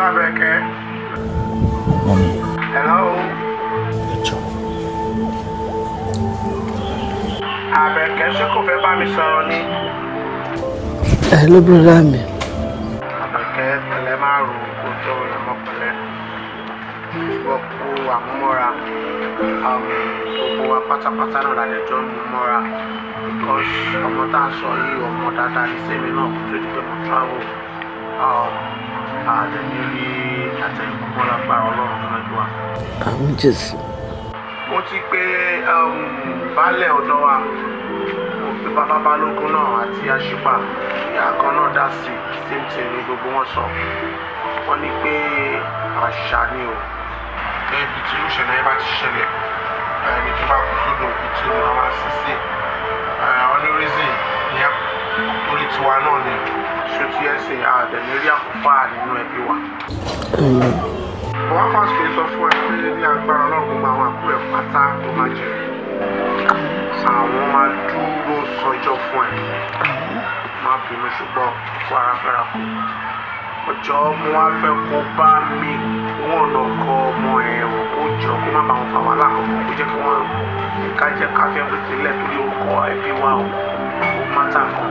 Hello. Mommy. Hello. Ẹjọ́. Abeke ṣé kò fẹ́ bá mi sọ̀rọ̀ ni? Ẹ ló mi. Abeke tẹ̀lé máa rò kó tó rẹ̀ mọ́pẹ̀lẹ́. Wọ́n kú àmúmọ́ra. Um, gbogbo wa pátápátá náà lálejò ń mú mọ́ra. Because ọmọ tá a sọ yìí ọmọ dáadáa ní sẹ́mi náà kó tó di pé mo travel. Um, I'm just. àtẹ̀yìn púpọ̀ lápá ọlọ́run tó lọ́jọ́ wa. àwọn jésù. mo ti pe um, baálẹ̀ ọ̀dọ́ wa mo pe same thing ní gbogbo wọn sọ wọ́n ní pé àṣà ni o ẹbí tí ó ṣẹlẹ̀ ẹ bá ti ṣẹlẹ̀ ẹni tó bá kú sódò òkú tí reason ìyẹn orí tiwa náà ni ṣòtú ẹsẹ̀ àdẹ̀lérí àkọ́fà nínú ẹbí wa. wọ́n fásitì sọ fún ẹ pé ní agbára ọlọ́run gbogbo àwọn àbúrò ẹ̀ pátá tó máa jẹ àwọn máa dúró sọjọ́ fún ẹ má bínú ṣùgbọ́n kó ara fẹ́ra kù ọjọ́ mo wá fẹ́ kó bá mi wọn lọ kọ ọmọ ẹ wọn kó jọ kó má bá fà wàhálà kankan kó jẹ́ kí wọ́n ká jẹ́ ká fẹ́ torí orúkọ ẹbí wa ò má tà kan.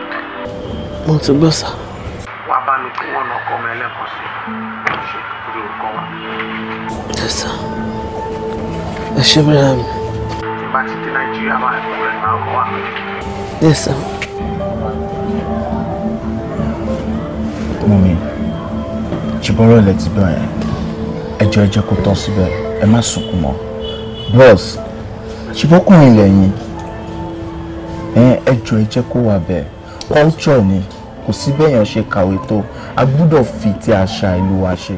mo ti gbọ́ sá. wà á bá mi kí wọn ọkọ ọmọ ẹlẹ́kọ̀ọ́ sí i ṣe orí orúkọ wa. ẹ sá ẹ ṣe bẹ́ẹ̀ mi. tí bá ti dé nàìjíríà máa ń kúrẹ́ máa kọ́ wa. ẹ sá. mọ̀mí ṣùgbọ́n ọ̀rọ̀ ti bẹ̀rẹ̀ ẹjọ́ ẹjẹ́ kó tán síbẹ̀ ẹ má sunkún mọ́ bros ṣùgbọ́n ọkùnrin lẹ́yìn ẹjọ́ ẹjẹ́ kó wà bẹ́ẹ̀ culture ni kò sí bẹ́yàn ṣe kàwé tó a gbúdọ̀ fi ti àṣà ìlú wa ṣe.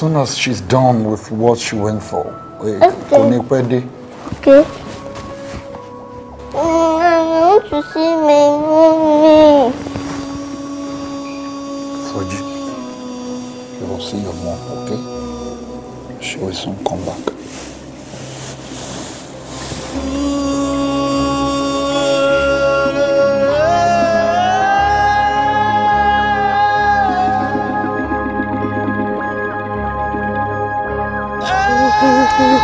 soon as she's done with what she went for kò eh, okay. òtútù ìpà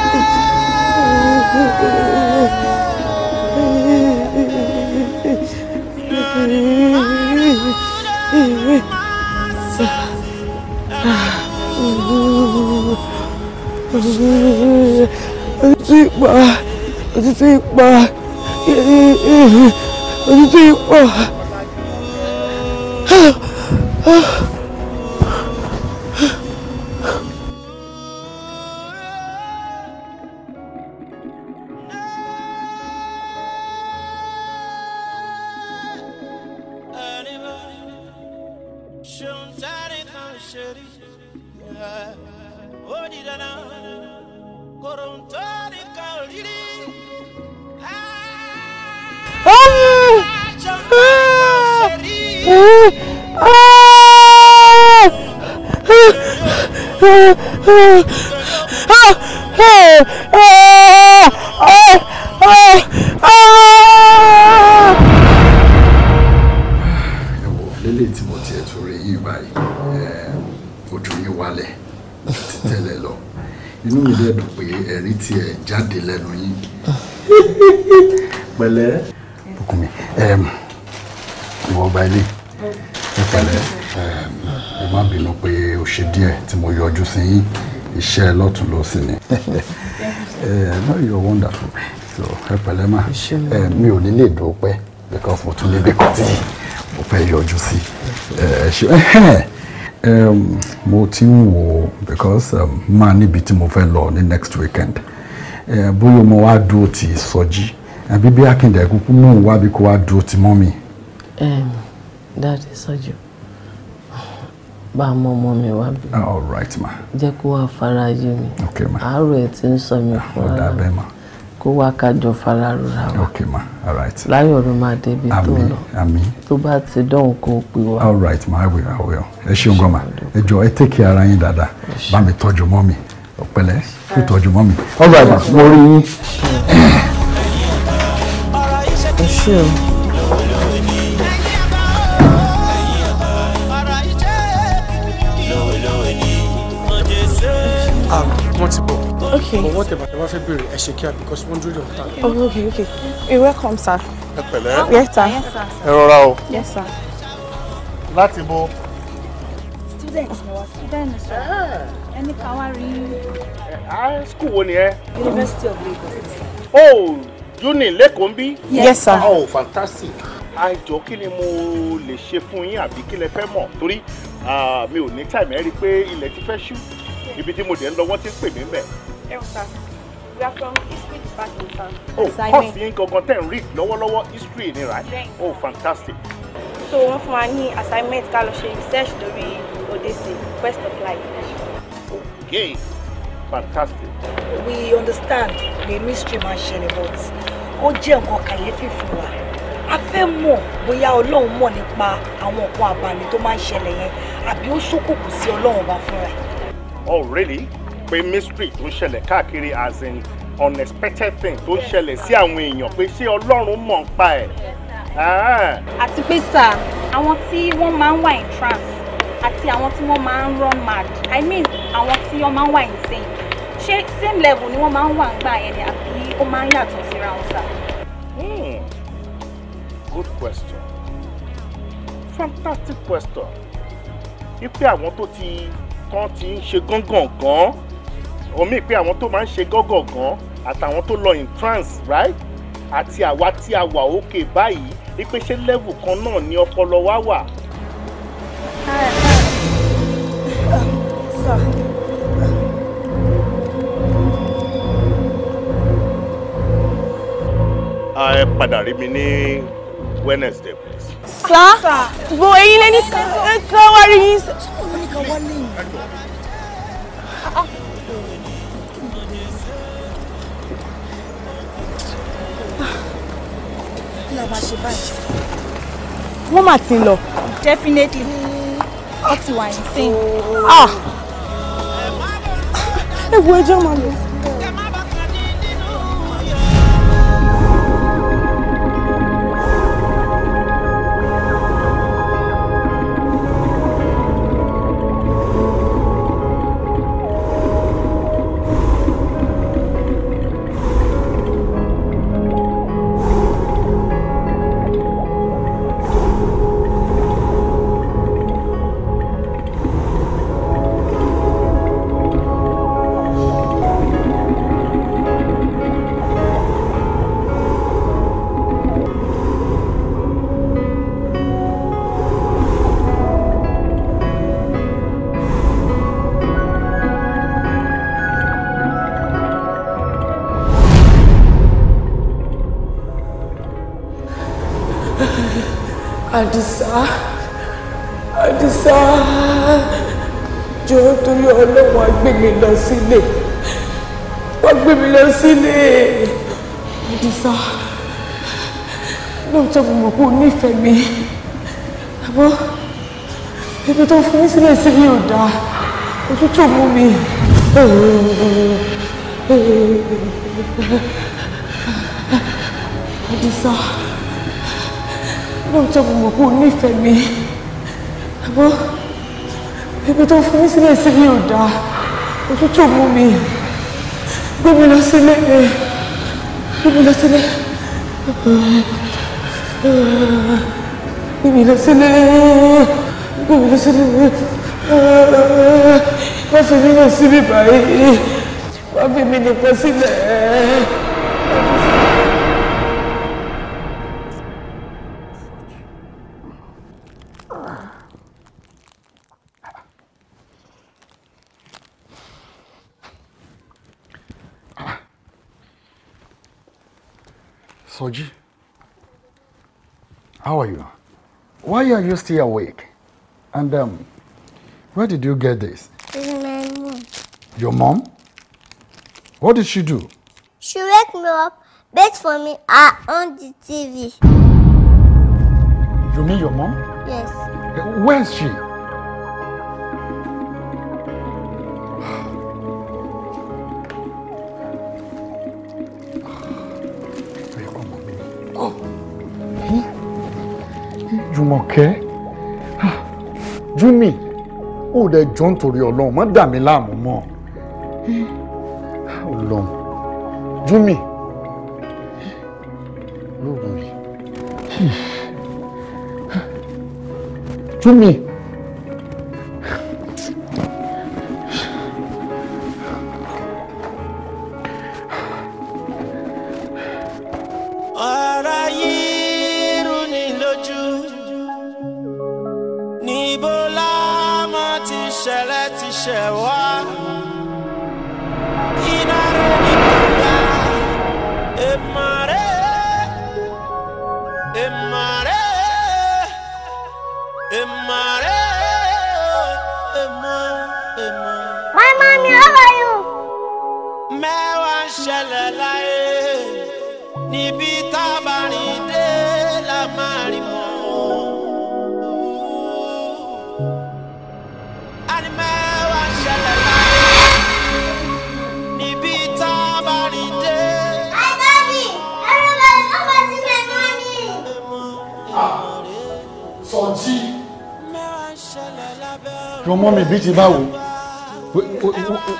òtútù ìpà òtútù ìpà. pẹ̀lẹ́. Bùkúnmi ìwọ ọba ilé ẹ pẹ̀lẹ́ ẹ má bínú pé ó ṣe díẹ̀ tí mo yọjú sí yín iṣẹ́ lọ́tún ló ni. no you are wonderful so ẹ pẹ̀lẹ́ ma mi ò ní lè dúró pẹ́ because mo tún níbi kan tí mo fẹ́ yọjú sí ẹ ṣe um, mo ti ń wò because um, máa níbi tí mo fẹ́ lọ ní next weekend uh, bóyá mo wá dúró ti sọjí àbí bí akíndà kúkú mú un wá bí kó wá dúró ti mọ́ mi. dáàdi sọ́jú bá a mọ ọmọ mi wá bí. all right ma. jẹ́ kó wá fara yé mi. ok ma. àárọ̀ ẹ̀ ti ń sọ mi ah, fún ara mi kó wá kájọ fara rora wa. ok ma all right. láyọ̀ ló máa débi tó lọ. àmín tó bá ti dán kó pè wá. all right ma i will i will ẹ ṣeun gan ma ẹ jọ ẹ tẹ́kì ara yín dáadáa bá mi tọ́jú mọ́ mi ọ̀pẹ̀lẹ́ kó tọ́jú mọ́ mi all right ma mo rí yín true. Ah, okay. But whatever, ẹ bá because wọ́n dúró Oh, okay, okay. You're welcome, sir. Ẹ pẹ̀lẹ́. Oh, yes, sir. Yes, sir. Student Student ni sir. Ẹni School wo ni University of Lagos. Oh! Juni lẹ́kọ̀ọ́ ń bí. yes sir. oh fantastic. àìjọ kí ni mo lè ṣe fún yín àbí kí lẹ fẹ́ mọ̀ torí mi ò ní time ẹ rí i pé ilẹ̀ ti fẹ́ ṣú ibi tí mo dẹ̀ ń lọ wọ́n ti ń pè mí mẹ́. ẹ we are from history department sir. oh course yín gangan ten read lọ́wọ́lọ́wọ́ history ni right. oh fantastic. so wọ́n fún wa ní assignment ká lọ ṣe research lórí Odese quest of life. okay fantastic. we understand the mystery man. ṣẹlẹ̀ but ó jẹ́ nǹkan kàyéfì fún wa a fẹ́ mọ̀ bóyá ọlọ́run mọ̀ nípa àwọn nǹkan àbàmì tó máa ń ṣẹlẹ̀ yẹn àbí ó ṣókùnkùn sí ọlọ́run ọba fúnra ẹ̀. oh really pé mystery tó ń ṣẹlẹ̀ káàkiri as in unexpected thing tó ń ṣẹlẹ̀ sí àwọn èèyàn pé ṣé ọlọ́run mọ̀ ń pa ẹ̀. Ah. àti pé sà àwọn tí wọ́n máa ń wà in trance àti àwọn tí wọ́n máa ń run mad i mean àwọn tí wọ́n máa ń wà insane ṣé same level ni wọ́n máa ń wà nígbà yẹn ni àbí ó máa ń yàtọ̀ síra wọn sá. Hmm, good question fantastic question wípé àwọn tó ti tán ti ń ṣe gángan gan omi pé àwọn tó máa ń ṣe gángan gan àtàwọn tó lọ in trance right àti àwa tí a wà òkè báyìí wípé ṣé level kan náà ni ọpọlọ wa wà. ẹ padà rí mi ní Wednesday please. sá bo eyín lé ní ká wá rí yín. sọ́kùnrin ní ká wá lé yín. kí la máa ṣe báyìí. wọ́n mà ti lọ. definitely wọ́n ti wà ní sẹ́yìn. Ah! ẹ wo ẹjọ́ máa lọ. àdìsá àdìsá jọ̀ọ́ torí ọlọ́run wá gbé mi lọ sílé wá gbé mi lọ sílé àdìsá lóòótọ́ mo mọ̀ pé o nífẹ̀ẹ́ mi àmọ́ ibi tó fún mi sílẹ̀ sí mi ò dáa òtútù mú mi. àdìsá lóòótọ́ mo mọ̀ pé o nífẹ̀ẹ́ mi àmọ́ ibi tó fún mi sílẹ̀ sí mi ò dáa òtútù mú mi gbé mi lọ sílé gbé mi lọ sílé gbé mi lọ sílé gbé mi lọ sílé wọ́n fi mí lọ síbí báyìí wọ́n fi mí nìkan sílẹ̀. How are you? Why are you still awake? And um, where did you get this? It's my mom. Your mom? What did she do? She wake me up, bet for me, I on the TV. You mean your mom? Yes. Where is she? àmọ̀kẹ́ ah, júmi ó dẹ jọ nítorí ọlọ́run má dà mí láàmú mọ́ ah, ọlọ́run júmi lóògùn yìí júmi.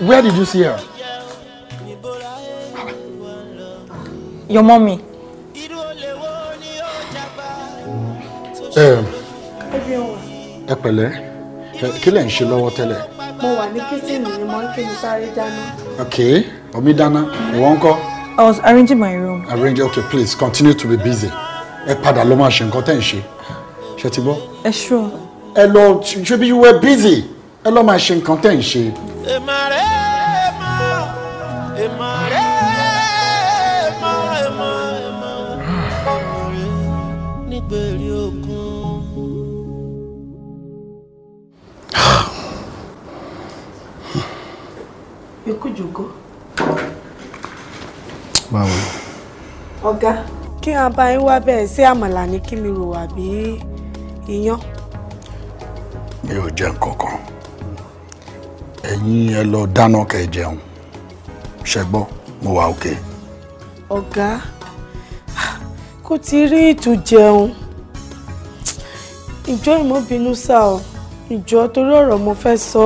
where did you see her? Your mommy. Eh. ẹ pẹ̀lẹ́ kí lẹ ń ṣe lọ́wọ́ tẹ́lẹ̀. mo wà ní kíchìnì ni mo ń kí mi sáré dáná. ok omi dáná ìwọ ń kọ́. I was arranging my room. arrange okay please continue to be busy ẹ padà lọ máa ṣe nǹkan tẹ́ ń ṣe ṣe ti gbọ́. ẹ ṣọ́. ẹ lọ ṣe bí you were busy ẹ lọ́ máa ṣe nǹkan tẹ̀ ń ṣe. èmàrè mà èmàrè mà èmà èmà èmàrè nígbèrè òkun. ikú jòkó. báwo. ọ̀gá kí n bá yín wá bẹ́ẹ̀ sí àmàlà ní kí mi rò àbí iyán. mi ò jẹ́ nǹkan kan ẹ̀yin ẹ lọ dáná kẹ jẹun ṣẹgbọ́ mo wà òkè. ọ̀gá kò ti rí ìtù jẹun ìjọ ìmọ̀bínú sá o ìjọ torí ọ̀rọ̀ mo fẹ́ sọ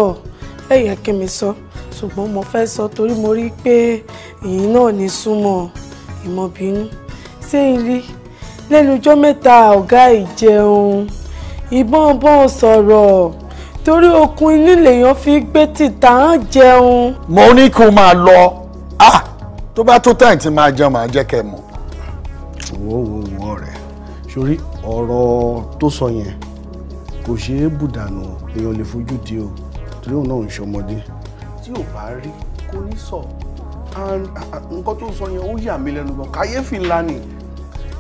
ọ́ ẹ yẹ kí mi sọ ṣùgbọ́n mo fẹ́ sọ torí mo rí pé èyí náà ní súnmọ́ ìmọ̀bínú ṣé irí lẹ́nu ọjọ́ mẹ́ta ọ̀gá ìjẹun ìbọn bọ́n sọ̀rọ̀ torí okun ilé lèèyàn fi gbé títà án jẹun. mo ní kó o máa lọ ah tó bá tó tẹ̀yìn tí máa jẹun máa jẹ́ kẹ́ ẹ mọ̀. wo wo wo rẹ sórí ọ̀rọ̀ tó sọ yẹn kò ṣeé bùdànù èèyàn lè fojú di o torí òun náà ń ṣọmọdé tí ò bá rí kó ní sọ ah, ah, nǹkan tó sọ yẹn ó yà mí lẹ́nu bọ̀ kàyéfì ńlá ni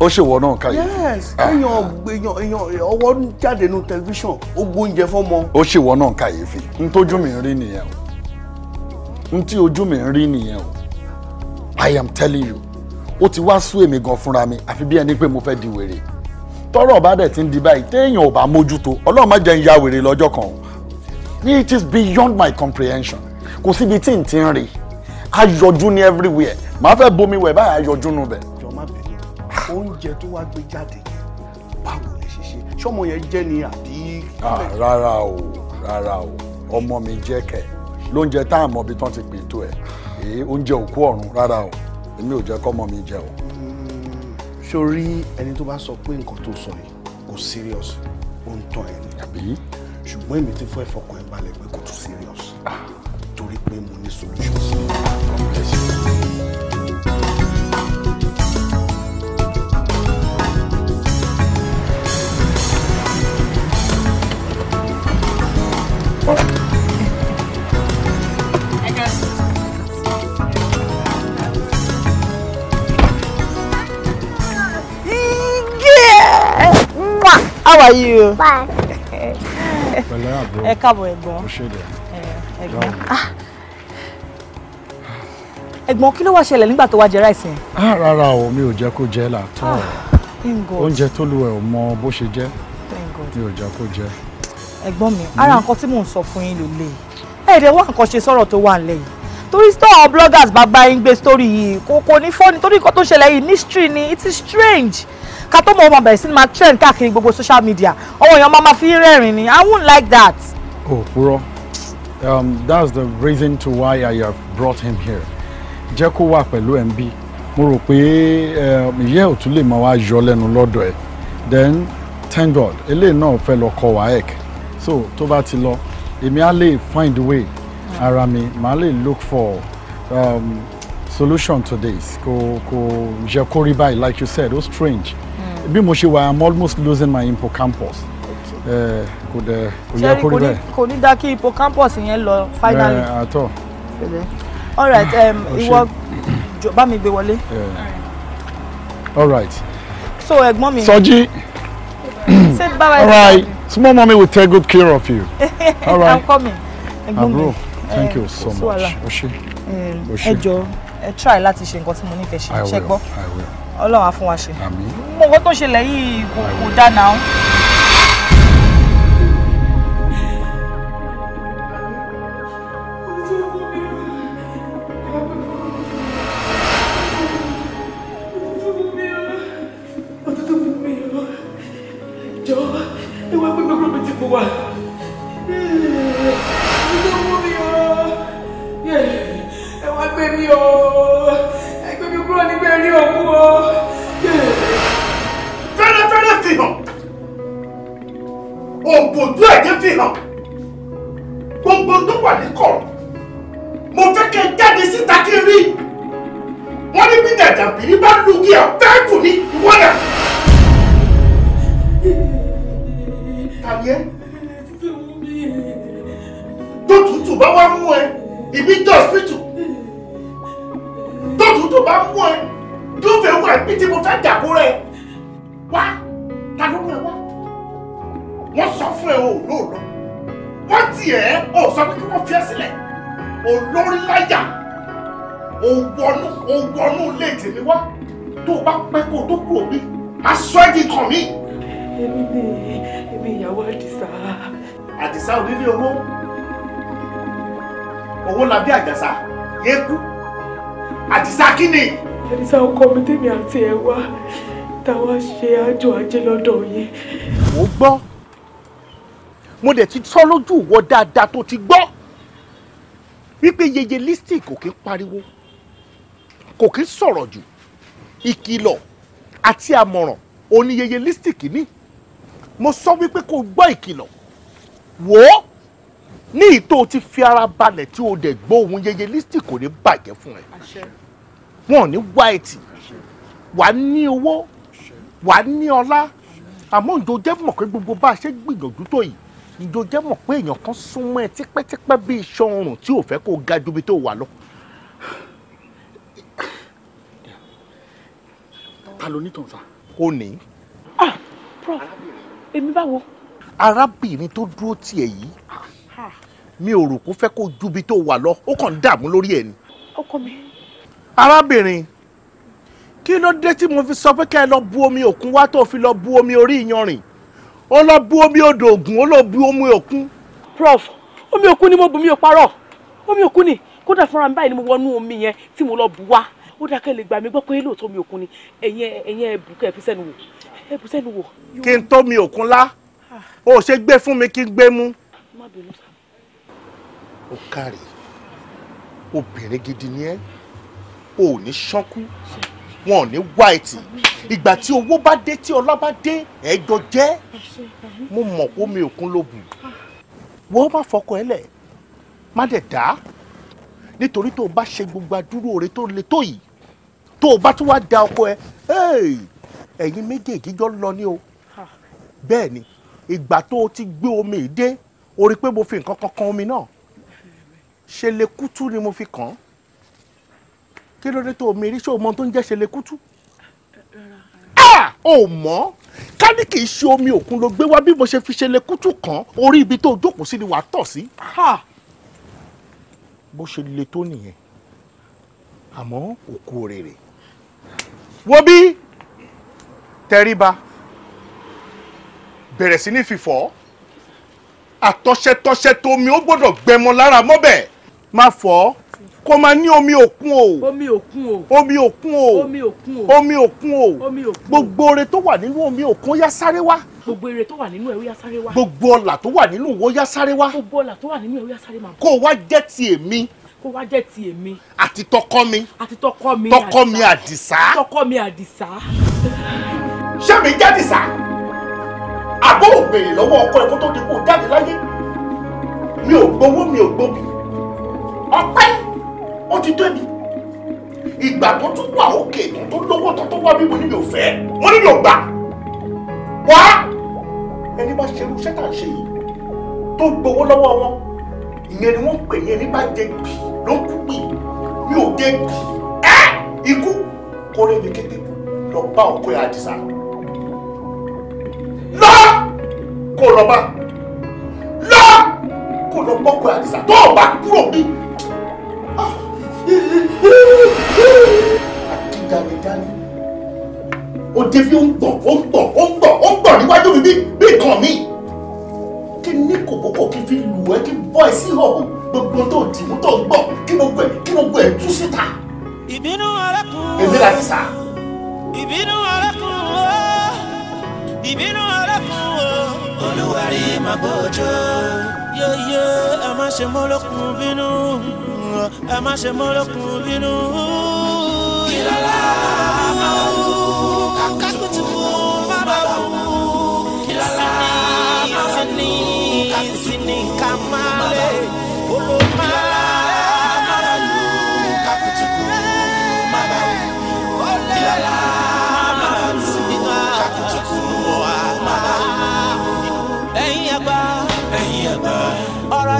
ó ṣèwọ náà káyé. yes ah. èèyàn èèyàn èèyàn ọwọ́ jáde nu tẹlifíṣàn ó gbóúnjẹ fọmọ. ó ṣèwọ náà kàyéfì n tójú mi rí nìyẹn o n tí ojú mi rí nìyẹn o i am telling you ó ti wá sú èmi gan fúnra mi àfi bí ẹni pé mo fẹ́ di wèrè tọ́rọ̀ bá dẹ̀ ti ń di báyìí téèyàn ò bá mójútó ọlọ́run má jẹ́ ń ya wèrè lọ́jọ́ kan o it is beyond my comprehension kò síbi tí n ti ń rí ayọ̀jú ni everywhere màá fẹ́ bomi wẹ̀ báyìí ayọ̀jú nu bẹ̀ oúnjẹ tó wá gbé jáde báwo lè ṣe ṣe ṣọmọ yẹn jẹ ni àbí. Ah, rárá o rárá o ọmọ mi jẹ́ kẹ̀ lóúnjẹ tá à mọ̀ bí tán ti pètò ẹ̀ èyí oúnjẹ òkú ọ̀run rárá o èmi ò jẹ́ kọ́mọ mi jẹ o. sórí hmm, ẹni tó bá sọ pé nǹkan tó sọ yìí kò serious ó ń tàn ẹni. àbí. ṣùgbọ́n èmi ti fẹ́ fọkàn ẹ balẹ̀ pé kò tún serious ah, torí pé mo ní solution sí i. How are you? Fine. Ẹ káàbọ̀ ẹ̀gbọ́n. Ẹ̀gbọ́n. Ah. Ẹ̀gbọ́n kí ló wá ṣẹlẹ̀ nígbà wa wá jẹ ráìsì Ah, rara, o, mi ò jẹ́ kó jẹ́ làtọ̀. Ah, Oúnjẹ tó lu ẹ̀ ò mọ bó ṣe jẹ́. Mi ò jẹ́ kó jẹ́. Ẹ̀gbọ́n mi, hmm? ara nǹkan tí mò ń sọ fún yín ló lè. Ẹ̀ẹ́dẹ̀ wá nǹkan ṣe sọ̀rọ̀ tó wà nílẹ̀ yìí torí store bloggers bàbá yín gbé story yìí kò kò ní fọ́ni torí nǹkan tó ṣẹlẹ̀ yìí ní ni it is strange ká tó mọ ọmọ bẹ̀rẹ̀ sí ni máa trend káàkiri gbogbo social media ọmọ èèyàn máa ma fi rẹ́rìn ni i wouldn't like that. oh purọ́ um, that's the reason to why i have brought him here jẹ́ kó wà pẹ̀lú ẹ̀ ń bí mo rò pé um, ìyá ò tún lè máa wá yọ lẹ́nu lọ́dọ̀ ẹ̀ then thank god eléyìí náà fẹ́ lọ kọ waec so tó bá ti lọ èmi á lè find way ara mi màá lè look for um, solution to this kò kò jẹ́ kó rí báyìí like you said o strange bí mo ṣe wà i'm almost losing my hippocampus eh, kò dẹ̀ kò yẹ kó rí bẹ́ẹ̀. kò ní dá kí hippocampus yẹn lọ finally. Eh, ẹ àtọ. all right um, ìwọ bá mi gbé wọlé. Eh. all right. so ẹ̀gbọ́n mi. sọjí. say bye bye. all right small mommy will take good care of you. all right i'm coming. ẹ̀gbọ́n thank you so much. ẹ jọ ẹ try láti ṣe nǹkan tí mo nífẹ̀ẹ́ ṣe ṣẹ́gbọ́. i will i will. Ọlọ́run á fún wa ṣe. Àmín. mo nǹkan tó ṣẹlẹ̀ yìí kò kò náà. tiẹ̀ wá táwa ṣe àjọ ajé lọ́dọ̀ yín. mo gbọ́ mo dẹ̀ ti sọ lójú ìwọ dáadáa tó ti gbọ́ wípé yeye listing kò kí pariwo kò kí ń sọ̀rọ̀ jù ìkìlọ̀ àti àmọ̀ràn òní yeye listing ní mo sọ wípé kò gbọ́ ìkìlọ̀ wò ó ní ìtò ti fi ara balẹ̀ tí o dẹ̀ gbọ́ ohun yeye listing kò ní bàjẹ́ fún ẹ wọn ò ní wá ẹtì wà á ní owó wà á ní ọlá àmọ́ ìjọ jẹ́ mọ̀ pé gbogbo bá a ṣe gbìyànjú tó yìí ìjọ jẹ́ mọ̀ pé èèyàn kan súnmọ́ ẹ tipẹ́tipẹ́ bí iṣan ọrùn tí ò fẹ́ kó ga ju ibi tó wà lọ. ta ló ní tọ̀sán. ó ní. Ah, èmi báwo. arábìnrin tó dúró tiẹ̀ yìí mi ò rò kó fẹ́ kó ju ibi tó wà lọ ó kàn ń dààmú lórí ẹ̀ ni. ọkọ mi. arábìnrin kí ló dé tí mo fi sọ pé kẹ́ ẹ lọ bu omi òkun wá tó fi lọ bu omi orí ìyanrìn ó lọ bu omi odò ògùn ó lọ bu omi òkun. prof omi òkun ni mo bu mi ò parọ́ omi òkun ni kódà fúnra mi báyìí ni mo wọnú omi yẹn tí mo lọ bu wá ó dákẹ́ lè gbà mí gbọ́ pé lóòótọ́ omi òkun ni ẹ̀yìn ẹ̀yìn ẹ̀bù kẹ́ ẹ fi sẹ́nu wò ẹ bu sẹ́nu wò. kí n tó mi òkun lá o ṣe gbé fún mi kí n gbé mú. ó kárí obìnrin gidi ni ẹ ò ní ṣánkú wọn ò ní wá ẹtì ìgbà tí owó bá dé tí ọlá bá dé ẹjọ jẹ mo mọ̀ pé omi òkun ló bù wọ́n má fọkọ ẹ lẹ̀ má dẹ̀ dá nítorí tó o bá ṣe gbogbo àdúró rẹ tó le tó yìí tó o bá tún wá da ọkọ ẹ ẹ̀yin méjèèjì jọ lọ ní o bẹ́ẹ̀ ni ìgbà tó o ti gbé omi dé o rí i pé mo fi nǹkan kan kan omi náà ṣe lè kútú ni mo fi kàn án kí ló dé tó o mérí ṣé o mọ tó ń jẹ́ ṣẹlẹ̀kútú ò ah! mọ́ kádì kì í ṣe omi òkun ló gbé wá bí mo ṣe fi ṣẹlẹ̀kútú kan orí ibi tó o jókòó sí ni wàá tọ̀ sí bó ṣe le tó nìyẹn àmọ́ òkú òrèrè wo bí tẹríba bẹ̀rẹ̀ sí ní fífọ̀ àtọ̀ṣẹtọ̀ṣẹ tómi ó gbọ́dọ̀ gbẹmọ lára mọ́bẹ̀ má fọ̀ ọ́ kó máa ní omi òkun o omi òkun o omi òkun o omi o omi o gbogbo ore tó wà nínú omi òkun yá sáré wá. gbogbo ere tó wà nínú ẹ̀rú yá sáré wá. gbogbo ọlà tó wà nínú òwò yá sáré wá. gbogbo ọlà tó wà nínú ẹ̀rú yá sáré máa. kó o wá jẹ́ ti èmi kó wá jẹ́ ti èmi. àti tọkọ mi. àti tọkọ mi àdìsá. tọkọ mi àdìsá. tọkọ mi àdìsá. ṣé mi jẹ́ àdìsá? àbó ò béèrè lọ́wọ́ ọkọ ẹ̀ kó tó di jáde láyé mi ò gbowó mi ò gbóbi ọpẹ́ ó ti tó mi ìgbà tó tún wà òkè tó tó lówó tó tó wá bí mo ní mi ò fẹ́ mo ní mi ò gbà wá ẹni bá ṣerú sẹ́tà ṣe yìí tó gbowó lọ́wọ́ wọn ìyẹn ni wọ́n pè ní ẹni bá jẹ bì ló ń kú pé mi ò jẹ bì ẹ́ ikú kórè mi kété lọ bá òkú ẹ̀ àdìsá lọ kó lọ bá lọ kó lọ bọ́kọ̀ àdìsá tó o bá kúrò bí àdìdánidání òde fi ń gbọ̀n ó ń gbọ̀n ó ń gbọ̀n ó ń gbọ̀n níwájú mi bí nǹkan mi kí ní kòkókò kí fi lù ẹ́ kí bọ́ ẹ sí ìhòòhò gbogbo tó dìbò tó ń kí gbogbo ẹ kí gbogbo ẹ tú síta. ìbínú ọlọ́kùnrin èmi láti sá. ìbínú ọlọ́kùnrin o ìbínú ọlọ́kùnrin o olúwarí màgbọ́jọ́ yóò yẹ ẹ má ṣe mọ́lọ́kùnrin bínú o ẹ má ṣe mọ́lẹ́kùn bínú. kìlọ́lá máa wù kákútù máa wù kìlọ́lá máa wù kákútù máa wù.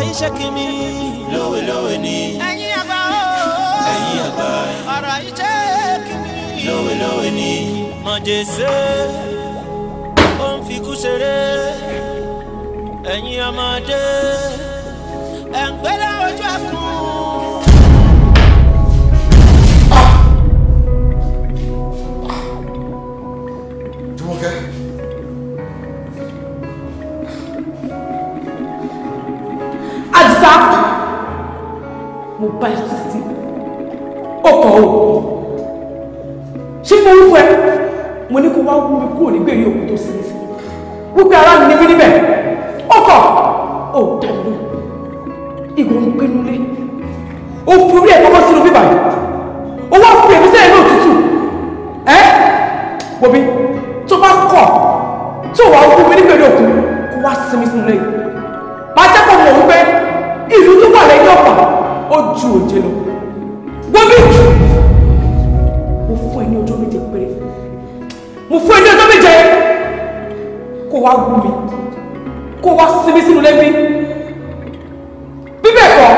iṣẹ́ kìíní. lówelówe ni. ẹ̀yin àgbà o. ẹ̀yin àgbà. ọ̀rọ̀ iṣẹ́ kìíní. lówelówe ni. mọ̀jẹ̀sẹ̀ ó ń fikú ṣeré ẹ̀yin ọmọdé ẹ̀ ń gbẹ́lẹ̀ ojú àkùn. bá mo bá ẹ títí ọkọ̀ o ṣé mo wú ẹ mo ní kó wá wú mi kúrò nígbèrè òkú tó sí sí wípé ara mi níbi níbẹ̀ ọkọ̀ ò dàbí ìwọ ń gbénulé o fi orí ẹ̀ kọ́kọ́ sínú bíbá o wá fi èmi sẹ́yìn náà tútù ẹ́ wòbí tó bá kọ̀ tó wà ó fún mi nígbèrè òkú kó wá sinmi sínú lẹ́yìn máa jẹ́ kó mọ ju òjé lọ gbọ́bí mo fún ẹ ní ọjọ́ méje péré mo fún ẹ ní ọjọ́ méje kó wá gún mi kó wá sinmi sínú lẹ́bí bíbẹ̀ kọ́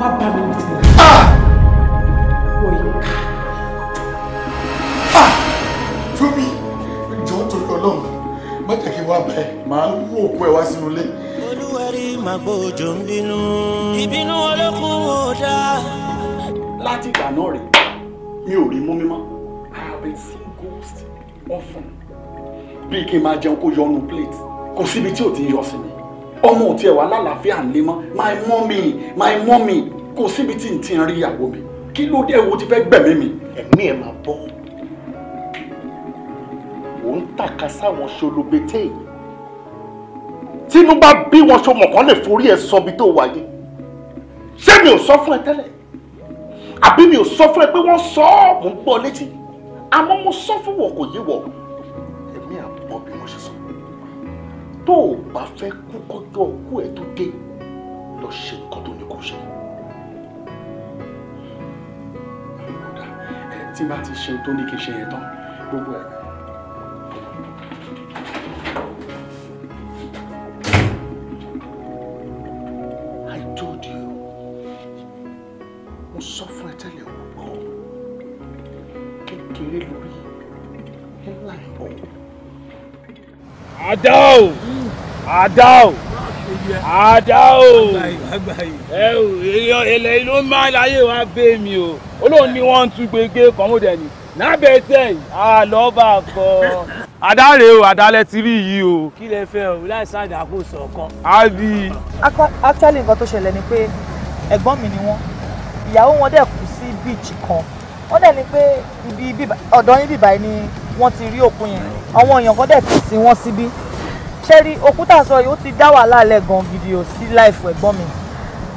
wá bá mi nìtì mọ́. Ah! wọ́n yìí ká. Túnmí ah! jọ́ má jẹ́ kí wá bẹ́ẹ̀ máa ń wò ó wá sínú lẹ́yìn máa gbójò ń bínú. ìbínú olókùn ò dáa. láti ìgbà náà rèé mi ò rí mú mímọ́ i have been seeing ghosts often bíi kí n máa jẹun kó yọnu plate kò síbi tí ò ti yọ sí mi ọmọ ò tiẹ̀ wà lálàáfíà ń lé mọ́ my mommy my mommy kò síbi tí n ti rí ìyàwó mi kí ló dé wo ti fẹ́ gbẹ̀mí mi. ẹ̀mí ẹ̀ máa bọ́ òun tàka sáwọn ṣológbé tínú bá bí wọn ṣo mọ̀ kán lè forí ẹ̀ sọ ibi tó wà yìí ṣé mi ò sọ fún ẹ tẹ́lẹ̀ àbí mi ò sọ fún ẹ pé wọ́n sọ ọ́ mò ń gbọ́ létí àmọ́ mo sọ fún wọn kò yé wọ èmi àbọ̀ bí mo ṣe sọ tó o bá fẹ́ kú kọjọ́ òkú ẹ̀ tó dé lọ ṣe nǹkan tó ní kó ṣe. tí bá ti ṣe tó ní kí n ṣe yẹn tán gbogbo ẹ̀. àdá o àdá o àdá o ẹ o máa láyé wa bẹ́ mi o olóhùn ni wọ́n ń tún gbégbé kọ́mọ́dé ni nábẹ́ tẹ̀ àlọ́bà kọ́. àdá rèé o àdá lẹ ti rí yìí o. kí lẹ fẹ́ o láìsí àdá kò sọ̀kan. a rí actually nǹkan tó ṣẹlẹ̀ ni pé ẹ̀gbọ́n mi ni wọ́n ìyàwó wọn dẹ̀ kú sí beach kan wọ́n dẹ̀ ní pé ibi ọ̀dọ́ yín bíbáyìí ni wọ́n ti rí òkú yẹn àwọn èèyàn kan dẹ̀ ti sin wọ́n síbí ṣẹ́rí òkúta sọ yìí ó ti dá wàhálà alẹ́ gan gidi ò sí láìfọ ẹ̀gbọ́n mi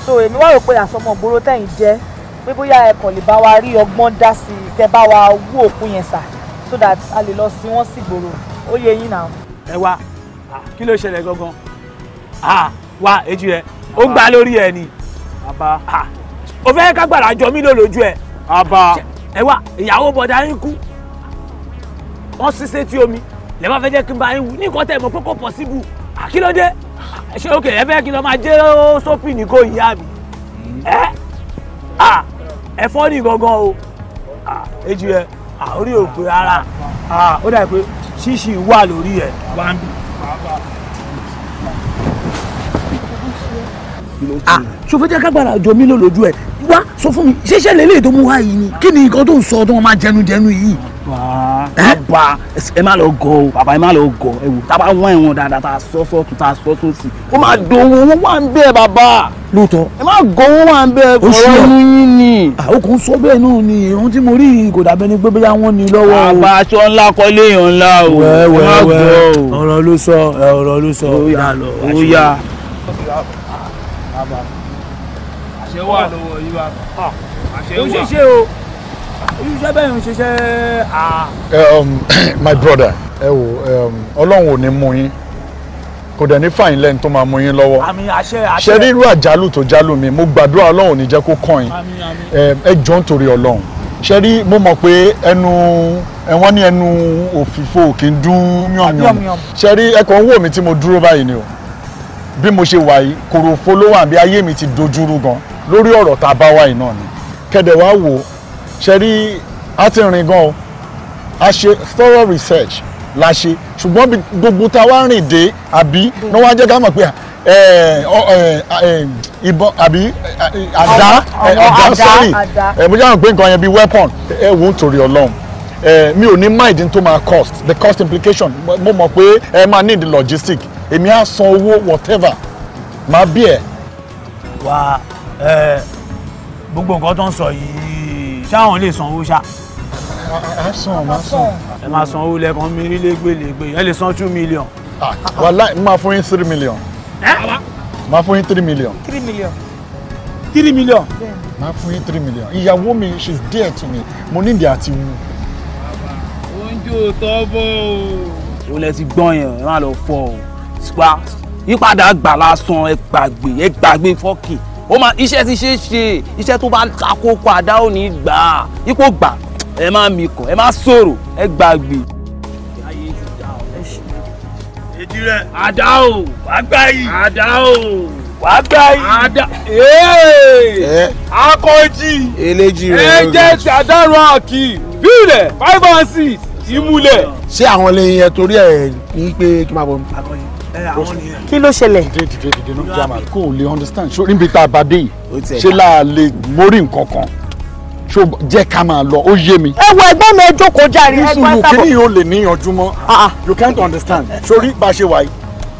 so èmi wá rò pé àsọmọ ògbóró tẹ̀yìn jẹ́ pé bóyá ẹ kò lè bá wa rí ọgbọ́n dá sí i kẹ bá wa wú òkú yẹn sà so that a lè lọ sin wọ́n sí gbòòrò ó yẹ yín náà. ẹ wá kí ló ṣẹlẹ̀ gangan wá èjì rẹ ó gbá lórí ẹ ni ó fẹ́ ká gbàrà jọ mí lò lójú ẹ ẹ wá ìyàwó bọ̀dá yín kú wọ́n ṣiṣẹ́ tí omi lè má fẹ́ jẹ́ kí n bá yín wù ní nǹkan tẹ̀ mọ́ pé kò pọ̀síbù àkílódé ṣé òkè ẹ fẹ́ kí lọ́ọ́ máa jẹ́ sópì ní kò yá mi ẹ à ní gangan o èjì rẹ àórí òpè ara ó dà pé ṣíṣì wà lórí ẹ̀ wá ń bì. ṣo fẹ́ jẹ́ kágbára àjọ mi lò lójú ẹ̀ wá sọ fún mi ṣé ṣẹlẹ̀ lè tó mú yìí ni kí ni nǹkan tó ń sọ tó wọn máa jẹnu jẹnu yìí bàbá ẹ má lọ gọ o bàbá ẹ má lọ gọ ẹ wò tá a bá wọ́n ẹ̀wọ̀n dáadáa tá a sọ sọ́tún tá a sọ tún sí ó máa dòwó owó wà ń bẹ́ẹ̀ bàbá lóòótọ́ ẹ má gọ owó wà ń bẹ́ẹ̀ ọ̀rọ̀ yín ni. àwọn kan sọ bẹ́ẹ̀ náà ni irun tí mo rí kò dàbẹ́ ni pé bóyá wọ́n ní lọ́wọ́ o. bàbá aṣọ ńlá kọ́ léèyàn ńlá o ẹ má gọ o. ọ̀rọ̀ ló sọ ọ̀rọ̀ ló sọ ó yá ó yá. àṣẹ wà lọ́wọ́ yìí bàbá àṣẹ wà iṣẹ́ um, my brother ẹ wo um, ọlọ́run ò ní mú yín kò dẹ̀ ní fàyín lẹ́ni tó máa mú yín lọ́wọ́ ṣe rírú àjálù tó jálù mi mo gbàdúrà ọlọ́run ò ní jẹ́ kó kàn yín um, ẹ jọ ń torí ọlọ́run ṣe rí mo mọ̀ pé ẹnu ẹ̀wọ́n ní ẹnu òfìfo kì í dún yànyàn ṣe rí ẹkọ̀ ń wò mí tí mo dúró báyìí ni o bí mo ṣe wà yìí kòròfo ló wà bí ayé mi ti dojúrú gan lórí ọ̀rọ̀ tá a bá wà yìí náà ni kẹ̀dẹ̀ wá wò ó ṣe rí a ti rìn gan o a ṣe thorough research la ṣe ṣùgbọ́n gbogbo tá a wá rìn dé àbí ní wọ́n á jẹ́ ká mọ̀ pé ìbọn àbí àdá àdá sọ́rí mo jáwọ́ pé nǹkan yẹn bíi weapon ẹ wò ó torí ọlọ́run mi ò ní mind tó máa cost the cost implication mo mọ̀ pé ẹ máa need logistic èmi á san owó whatever máa bí ẹ. wà á gbogbo nǹkan tó ń sọ yìí ṣáwọn lè sanwó ṣá. ẹ sàn má sàn. ẹ máa sanwó lẹ́kàn mi rí légbèlégbè ẹ lè san two million. Ah, wàláì máa fún yín three million. máa fún yín three million. three million. three million. máa fún yín three million. ìyàwó mi she is dear to me mo ní ìdí àti wù. oúnjẹ ò tọ́ bọ́ o. o lẹ ti gbọ́n yẹn ẹ má lọ fọ o. yípadà gbà lásán ẹ gbàgbé ẹ gbàgbé fọ́ọ̀kì ó máa iṣẹ́ ti ṣe é ṣe iṣẹ́ tó bá kakókó àdá ò ní gbà á ipò gbà ẹ má mikàn ẹ má sọ̀rọ̀ ẹ gbàgbé. èdè rẹ àdá o wàá gbá yìí àdá o wàá gbá yìí àdá akọ́jì eléjì rẹ ẹ jẹ́ ti àdárò àkì bílẹ̀ five and six ìmúlẹ̀. ṣé àwọn lè yẹn torí ẹ̀ ní pé kí n máa bọ̀ mi kí ló ṣẹlẹ̀. dìde kò lè understand ṣó níbi tá a bá dé yìí ṣé là á lè mórí nǹkan kan ṣó jẹ́ ká máa lọ ó yé mi. ẹ wo ẹ̀gbọ́n mi ẹ jókòó járe ẹ̀gbọ́n sábọ. kí ni yóò lè níyanjú mọ́ ah, ah. you can't understand sórí bá a ṣe wáyé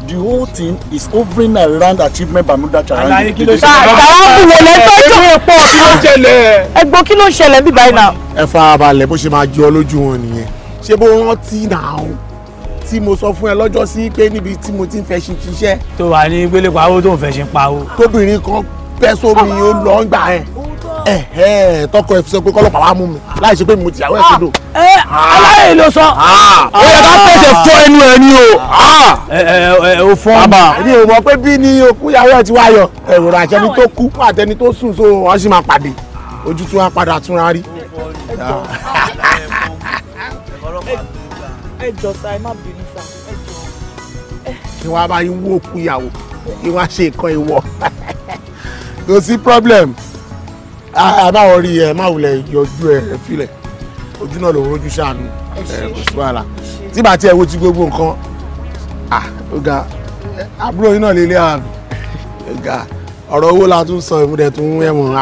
the whole thing is hovering around achievement Bermuda challenge. ṣàwọn ìwé lẹ́tọ́ jù. ẹgbẹ́ kí ló ṣẹlẹ̀. ẹgbọ́n kí ló ṣẹlẹ̀ bíbá yìí náà. ẹ fara balẹ̀ bó ṣe máa jọ lójú wọn nìyẹn ṣé bó rántí náà tí mo sọ fún ẹ lọ́jọ́ sí pé níbi tí mo ti ń fẹ́ ṣiṣẹ́. tó wà ní gbélé pawó tó ń fẹ́ ṣe ń pawó. tóbìnrin kan bẹ́ sómi ó lọ ń gbà ẹ̀ ẹ̀hẹ́ tọkọ ẹ̀ fi sọ pé kọ́lọ́pàá wá mú mi láì ṣe pé mo ti yàwó ẹ̀ sódò. Ah, eh, aláyè ló sọ. Ah, ah. ó yẹ ká tẹ̀sẹ̀ fọ́ ẹnu ẹ ní o. ẹ eh, eh, o fọ́ mi. bàbá mi ò mọ̀ pé bí ni okúyàwó ẹ̀ ti wá yọ. ẹ̀rọ àtẹni tó kú àtẹni tó sùn so wọ́n sì máa pàdé ojú tí túnra rí ẹ jọ sa ẹ má bínú sa ẹ kí wọ́n á máa wó òkú ìyàwó kí wọ́n á ṣe nǹkan ìwọ kò sí problem àbáwọ̀ rí ẹ má wulẹ̀ yọjú ẹ filẹ̀ ojú náà ló ń rojú ṣàánú ẹ kò sí wàhálà tí bàtí ẹ wo ti gbogbo nǹkan ah ọ̀gá àbúrò yín náà lè lé àmì ọ̀gá ọ̀rọ̀ owó la tún sọ ìmúdẹ tún ẹ̀mọ̀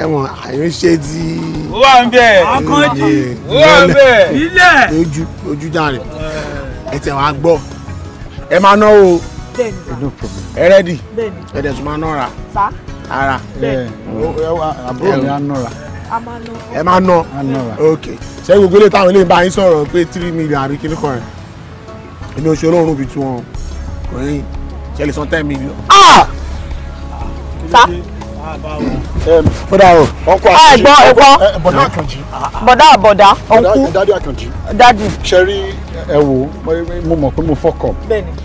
ẹ̀mọ̀ àyùn ṣe ti. ó wà ń bẹ̀. akọ́jì ó wà ń bẹ̀. ilẹ̀ ojú ojú jàre ẹ tẹ̀ wá gbọ́ ẹ máa ná o ẹ rẹ́dì ẹ dẹ̀ tún máa ná ra ara àbúrò mi á ná ra ẹ máa ná ok ṣé gbogbo ilé táwọn ilé bá yín sọ̀rọ̀ pé three million àbí kíní kan rẹ̀ èmi ò ṣe olóorun bíi tiwọn kò yín ṣe lè san ten million. Ah! sá. bọ́dà o ọkọ àkànjì ẹ̀gbọ́n ẹ̀gbọ́n bọ́dà àkànjì bọ́dà bọ́dà ọ̀nkú dádì àkànjì dádì. sẹ́rí ẹ wo mo mọ̀ pé mo fọkọ̀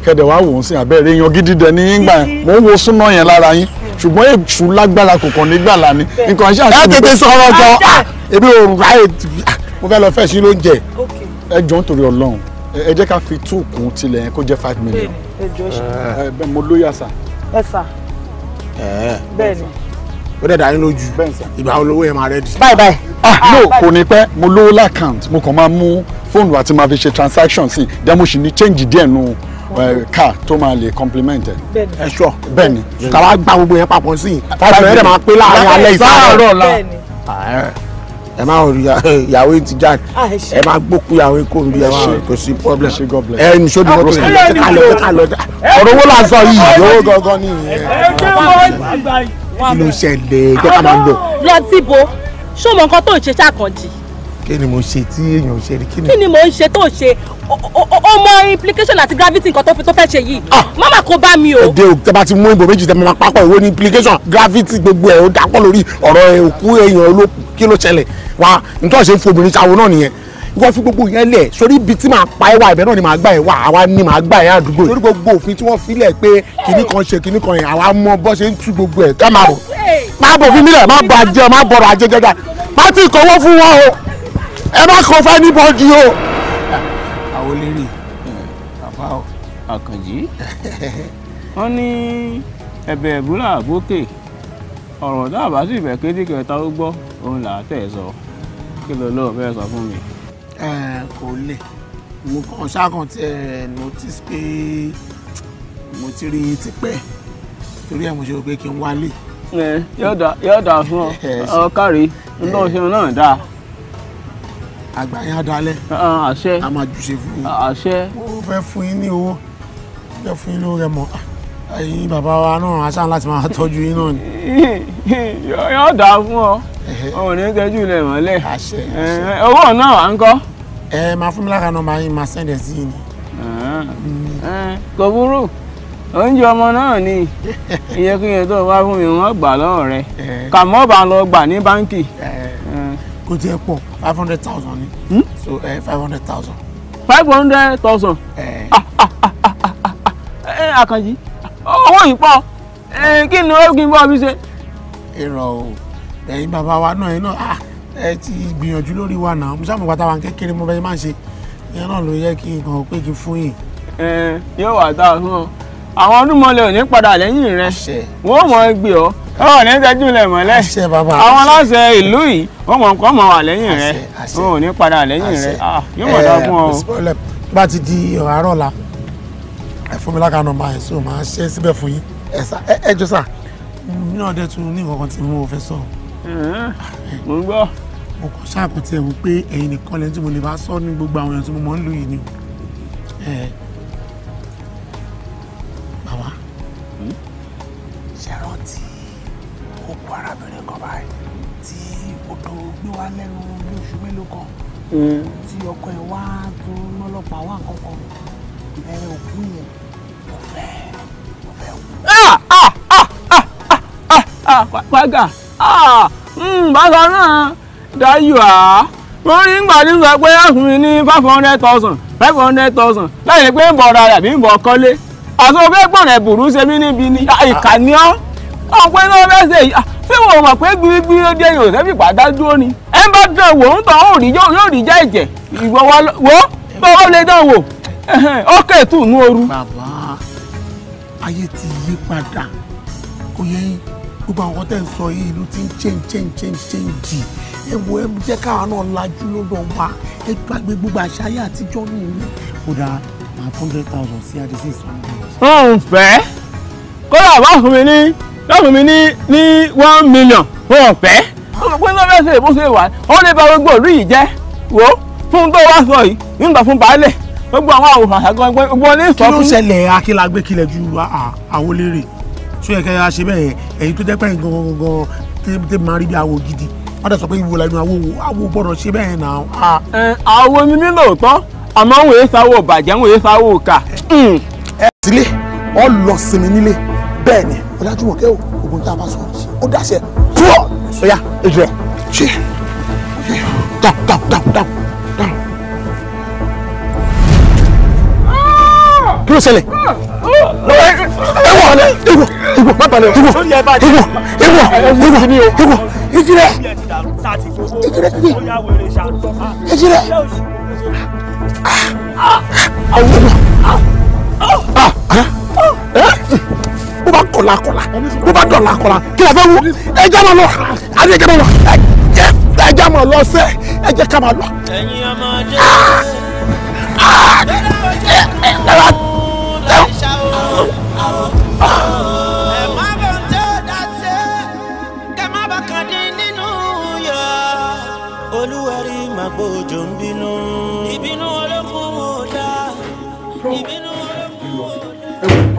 kẹ̀dẹ̀ wá wò ó sí abẹ́rẹ́ yan gidi dẹ ní gbà mo ń wo súná yẹn lára yín ṣùgbọ́n èṣù lágbára kò kàn nígbà lání nǹkan ṣáà ṣe. ẹ tètè sọ̀rọ̀ jọ ah, ah, ebi òòrùn ráyè mo fẹ́ lọ fẹ́ sí lóúnjẹ ẹ jọ ń torí ọlọ́run ẹ jẹ́ ká fi two kún tilẹ̀ yẹn kó jẹ́ five million. ẹ jọ ṣe. Ah. mo lóye àṣà. ẹ sà bẹ́ẹ̀ni ó dẹ̀ dání lójú ìgbà olówó yẹn máa rẹ́dì. báyìí báyìí. Ah, ah no kò ní pẹ́ mo lówó lákàntì mo kàn máa mú fóònù àti máa fi ṣe transaction sí then mo sì ní change díẹ̀ nù ká eh, tó máa lè compliment ẹ. ẹ sọ bẹ́ẹ̀ni kàwá gba gbogbo yẹn papọ̀ sí i. fàṣọ yẹn dẹ̀ máa pé láàrin alẹ́ ìsáàrọ̀ la ẹ máa rí yàwó ti já ah, ẹ máa gbókú yàwó kò ń bí ẹ máa kò sí problem ẹ ní sódì mọ́tò yìí kálọ̀ kálọ̀ ọ̀rọ̀ owó làásọ yìí yòówó gangan ní ìyẹn kí ló ṣẹlẹ̀ jẹ́ ká máa lọ. lọ sí bo ṣó mọ nǹkan tó ń ṣe ṣàkànjì. kí ni mo ṣe tí èèyàn ṣe rí kí ni. kí ni mo ń ṣe tó ṣe o mọ implication àti gravity nǹkan tó fi tó fẹ́ ṣe yìí ah! mama kò bá mi o. èdè o tẹ́ bá ti mú ìbò méjì tẹ́ máa papọ̀ ìwé ni implication gravity gbogbo ẹ̀ o dápọ̀ lórí ọ̀rọ̀ òkú èèyàn olókùn kí ló ṣẹlẹ̀ wá nítorí ṣe ń fobìnrin ṣàwọn náà nìyẹn wọ́n fi gbogbo yẹn lẹ̀ sórí ibi tí màá pa ẹ́ wá ibẹ̀ náà ni màá gbà ẹ́ wá àwa ni màá gbà ẹ́ àdúgbò sórí gbogbo òfin tí wọ́n filẹ̀ pé kinní kan ṣe kinní kan yẹn àwa mọ bọ́ ṣe ń tú gbogbo ẹ̀ ká máa bọ̀ máa bọ̀ fún mi lẹ̀ máa bọ̀ àjẹ máa bọ̀rọ̀ àjẹ jẹjà má ti kọ́wọ́ fún wọn o ẹ má kọ́ fẹ́ níbọ̀ ju o. àwọn eléré bàbá àkànjí wọn ní ẹ̀bẹ̀ ìbúlà àbókè ọ̀rọ̀ dáàbà sì bẹ̀ kéde kẹta ó gbọ́ òun là á tẹ̀ sọ kí ló lóò fẹ́ sọ fún mi. ẹ kò lè mo kàn ṣáàkàn tí ẹ notice pé mo ti rí yín tipẹ́ torí ẹ̀ mo ṣe rò pé kí n wálé. yóò dà fún ọ ọkàrí nígbà òṣèlú náà dáa. àgbà yẹn á àṣẹ a máa jù ṣe fún yín. àṣẹ. mo fẹ́ fún yín ní owó fẹ́ fún yín lówó rẹ mọ́ ẹ̀yin bàbá wa náà aṣáá láti máa tọ́jú yín náà ni. yóò dáa fún ọ ọmọ ní kẹjú ilẹ̀ mọ́lẹ̀ owó náà à ń kọ́. ẹ máa fún mi lára nọ́mbà yín máa sẹ́ndẹ̀ sí yín ni. kò burú oúnjẹ ọmọ náà ni iyekíyẹ tó wá fún mi wọ́n gbà lọ́wọ́ rẹ kàmọ́ bá lọ gbà ní báńkì. kò tiẹ̀ pọ̀ five hundred thousand ni hmm? so five hundred thousand. five hundred thousand. Àkànjí owó yìí pọ̀ kí ni ó kí n bọ́ mi ṣe. èrò o ẹ̀yin bàbá wa náà yín náà ah, ẹ ti gbìyànjú lórí wa náà mo sábà pátá wa kékeré mo bẹ́ẹ̀ máa ṣe ìyẹn náà ló yẹ kí n kàn pé kí n fún yìí. yóò wà tá a fún ọ àwọn ọdún mọ́lẹ̀ ò ní padà lẹ́yìn rẹ wọ́n mọ̀ ẹ́ gbé ọ́ ọ ní tẹ́jú lẹ̀ mọ́lẹ̀ àwọn aláṣẹ ìlú yìí wọ́n mọ̀ kọ́ mọ̀ wà lẹ́yìn rẹ wọn ò ní padà lẹ́yìn rẹ ah, yóò mọ̀ dá fún ọ. bá ti di ọ̀hárọ̀ la ẹ fún mi lákàá nọ́mbà yẹn so màá ṣe síbẹ̀ fún yín ẹ sá ẹ jọ sá mi náà dẹ̀ tún ní nǹkan tí mo fẹ́ sọ. Mm-hmm. mo ń gbọ́. mo kàn ṣàkóso ẹ̀ wò pé ẹ̀yin nìkan lẹ́yìn tí mo lè bá sọ ní gbogbo àwọn èèyàn tí mo mọ̀ ń lù yìí ni o. bàbá hmm? ṣe rántí òkú arábìnrin kan báyìí tí odò gbé wá lẹ́nu bí oṣù mélòó kan hmm. tí ọkọ ẹ̀ wá tó lọ́lọ́pàá wá nǹkan kan òkú yẹn. Ah ah ah ah ah ah ah, bàgà ah dáyù á mo rí ah. gbàdí sọ pé ọ̀sùn mi ní five hundred thousand five hundred thousand láyé pé ń bọ̀ ọ̀rọ̀ àbí ń bọ̀ ọ̀kọ́lé àti ọgbẹ́ gbọ̀nà ẹ̀bùrú ṣe mí níbi ni ìkànnì ọ́ ọ̀pẹ́ náà fẹ́ ṣe yìí ṣé wọ́n mọ̀ pé gbígbí ló dé yòó sẹ́fì pàdá dúró ni ẹ bá dán wò ń tàn ó rí yóò rí jẹ́ ẹ̀jẹ̀ ìwọ wa wò ó bọ́ọ̀ lè dán wò ó kè tù nú ooru. bàbá ayé ti yí padà kò yẹ yín gbogbo àwọn tẹ̀ ń sọ yìí ìlú ti ń change change change change ẹ wo ẹ jẹ́ káwa náà lajú lọ́dọ̀ wa ẹ gbàgbé gbogbo àṣà ayé àtijọ́ nìyí. kódà máa fún hundred thousand sí adé sí ìsàlẹ̀. wọn ò fẹ́ kódà wọ́n fún mi ní wọ́n fún mi ní ní one million wọn ò fẹ́. wọ́n pín lọ́fẹ̀ẹ́ ṣe ìbúṣe wà ó lè ba gbogbo ìlú yìí jẹ́ wo fún tó wá sọ yìí nígbà fún baálẹ̀ gbogbo àwọn àwòrán àṣàgbọ́n gbogbo ní ìsọfún. kí ló ṣẹlẹ̀ akílágbé kílẹ̀ ju àwọn olérè ṣó yẹ kẹ́ ẹ ṣe bẹ́ẹ̀ ẹ̀yin tó jẹ́ pẹ́yìn gangan tẹ́ máa rí bí àwo gidi wọ́n dẹ̀ sọ pé ìwò lẹ́nu àwo àwo gbọ́dọ̀ ṣe bẹ́ẹ̀ náà. àwo ni mí lóòótọ́ àmọ́ òun èé sáwọ́ bàjẹ́ òun èé sáwọ́ kà. Hmm. ẹ sílé ọ lọ sinmi nílé bẹ́ẹ̀ ni ọ̀dájúmọ̀ kẹ́ ògùn tá a bá sọ ó dàṣẹ tó ọ̀ya èjì rẹ̀ ṣe dáhùn dáhùn dáhùn dáhùn. kí ló ṣẹlẹ̀ ewọ ewọ ewọ má balẹ̀ ewọ ewọ ewọ ewọ ewọ ejire ejire piye ejire bó bá kọ̀la kọ̀la bó bá dọ̀la kọ̀la kí la fẹ́ wú ẹja máa lọ àti ẹja máa lọ ẹja máa lọ sẹ́ ẹja ká máa lọ. ẹ̀yin ọmọdé.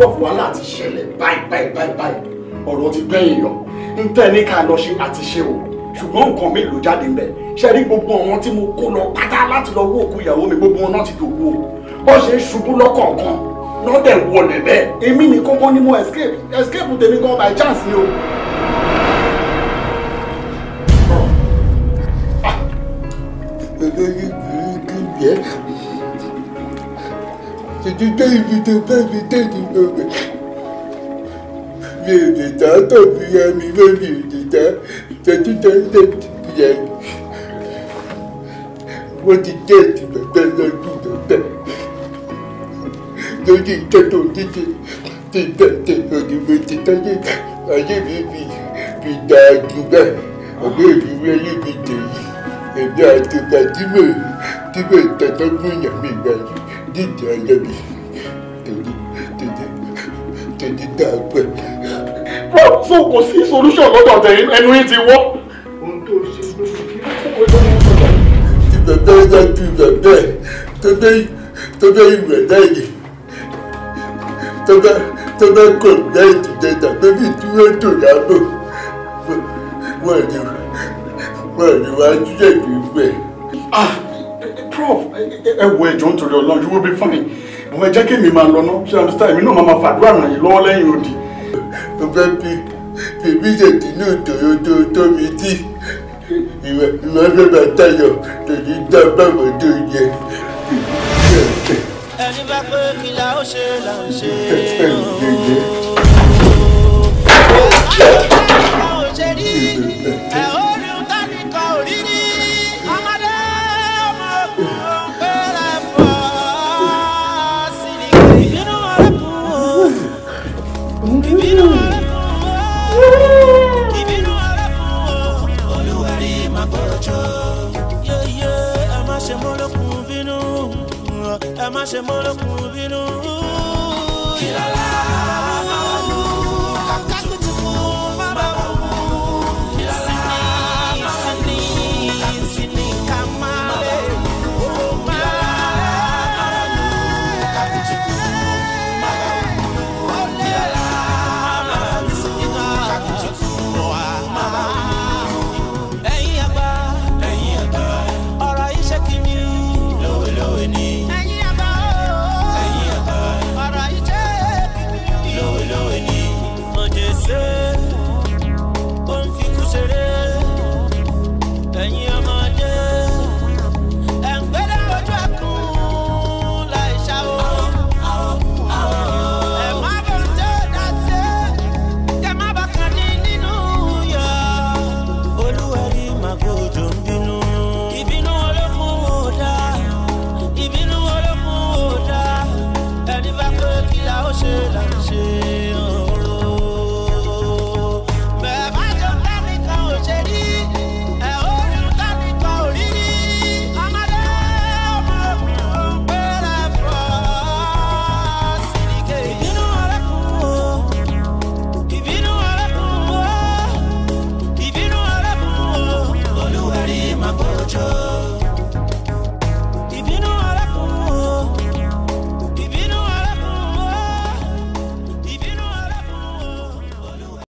enough wàhálà àti ṣẹlẹ̀ báyìí báyìí báyìí báyìí ọ̀rọ̀ ti gbẹ̀yìn yọ ń tẹ́ ní ká lọ ṣe àti ṣe o ṣùgbọ́n nǹkan mi ló jáde ń bẹ̀ ṣe rí gbogbo àwọn tí mo kó lọ pátá láti lọ wó òkú ìyàwó mi gbogbo wọn náà ti dògbò o bó ṣe ṣubú lọ́kọ̀ọ̀kan lọ́dẹ̀ wọlé bẹ́ẹ̀ èmi nìkan kan ni mo escape escape tèmi gan by chance ni o. dídé ibi tó bá mi dé nínú rẹ̀ mi ò lè dá tọ̀bí ya mi lórí ìdìdá tẹ́títẹ́ tẹ́tí yẹn wọ́n ti dé ìdìbẹ̀tẹ̀ lọ́dún lọ́tẹ̀ lórí ìtọ́jú òdíje ti tẹ̀tẹ̀ òdìbò ti tẹ́lẹ̀ ayé mi fi fi dà jù bẹ́ẹ̀ ọ̀gbẹ́ ayé mi tèyí èmi àti ìgbà tí mo tí mo tẹ̀tọ́ gbìyànjú ìgbà yìí dídì ayé mi tètè dàgbẹ. bro so kò sí solution lọ́dọ̀ tẹ̀yìn ẹnu yìí ti wọ́. ohun tó ṣe lóṣù kí wọ́n tó ń sọ̀rọ̀. ibẹ̀ bẹ́ẹ̀ náà ju ibẹ̀ bẹ́ẹ̀ tó bẹ́ ìwẹ̀ lẹ́yìn tó bẹ́ tó bẹ́ kò lẹ́yìn tó jẹ tàbí bí dúró dò lábò wọ́n ní wọ́n ní wá jíjẹ̀ kí n gbẹ. ah prof ẹ wo ẹjọ́ nítorí Ọlọ́run you will be fine àwọn ẹjẹ́ kí mi máa lọ ná ṣé àdúrà èmi náà máa máa fàdúrà ràn yín lọ́wọ́ lẹ́yìn odi. mo fẹ́ bí bèbí ìṣèdí ní òtòyótó tó mi tí ìwà ìwà fẹ́ bá tayọ̀ tòjú dá bàbá tó yẹ. ẹni bá pé kí la ó ṣe là ń ṣe. molo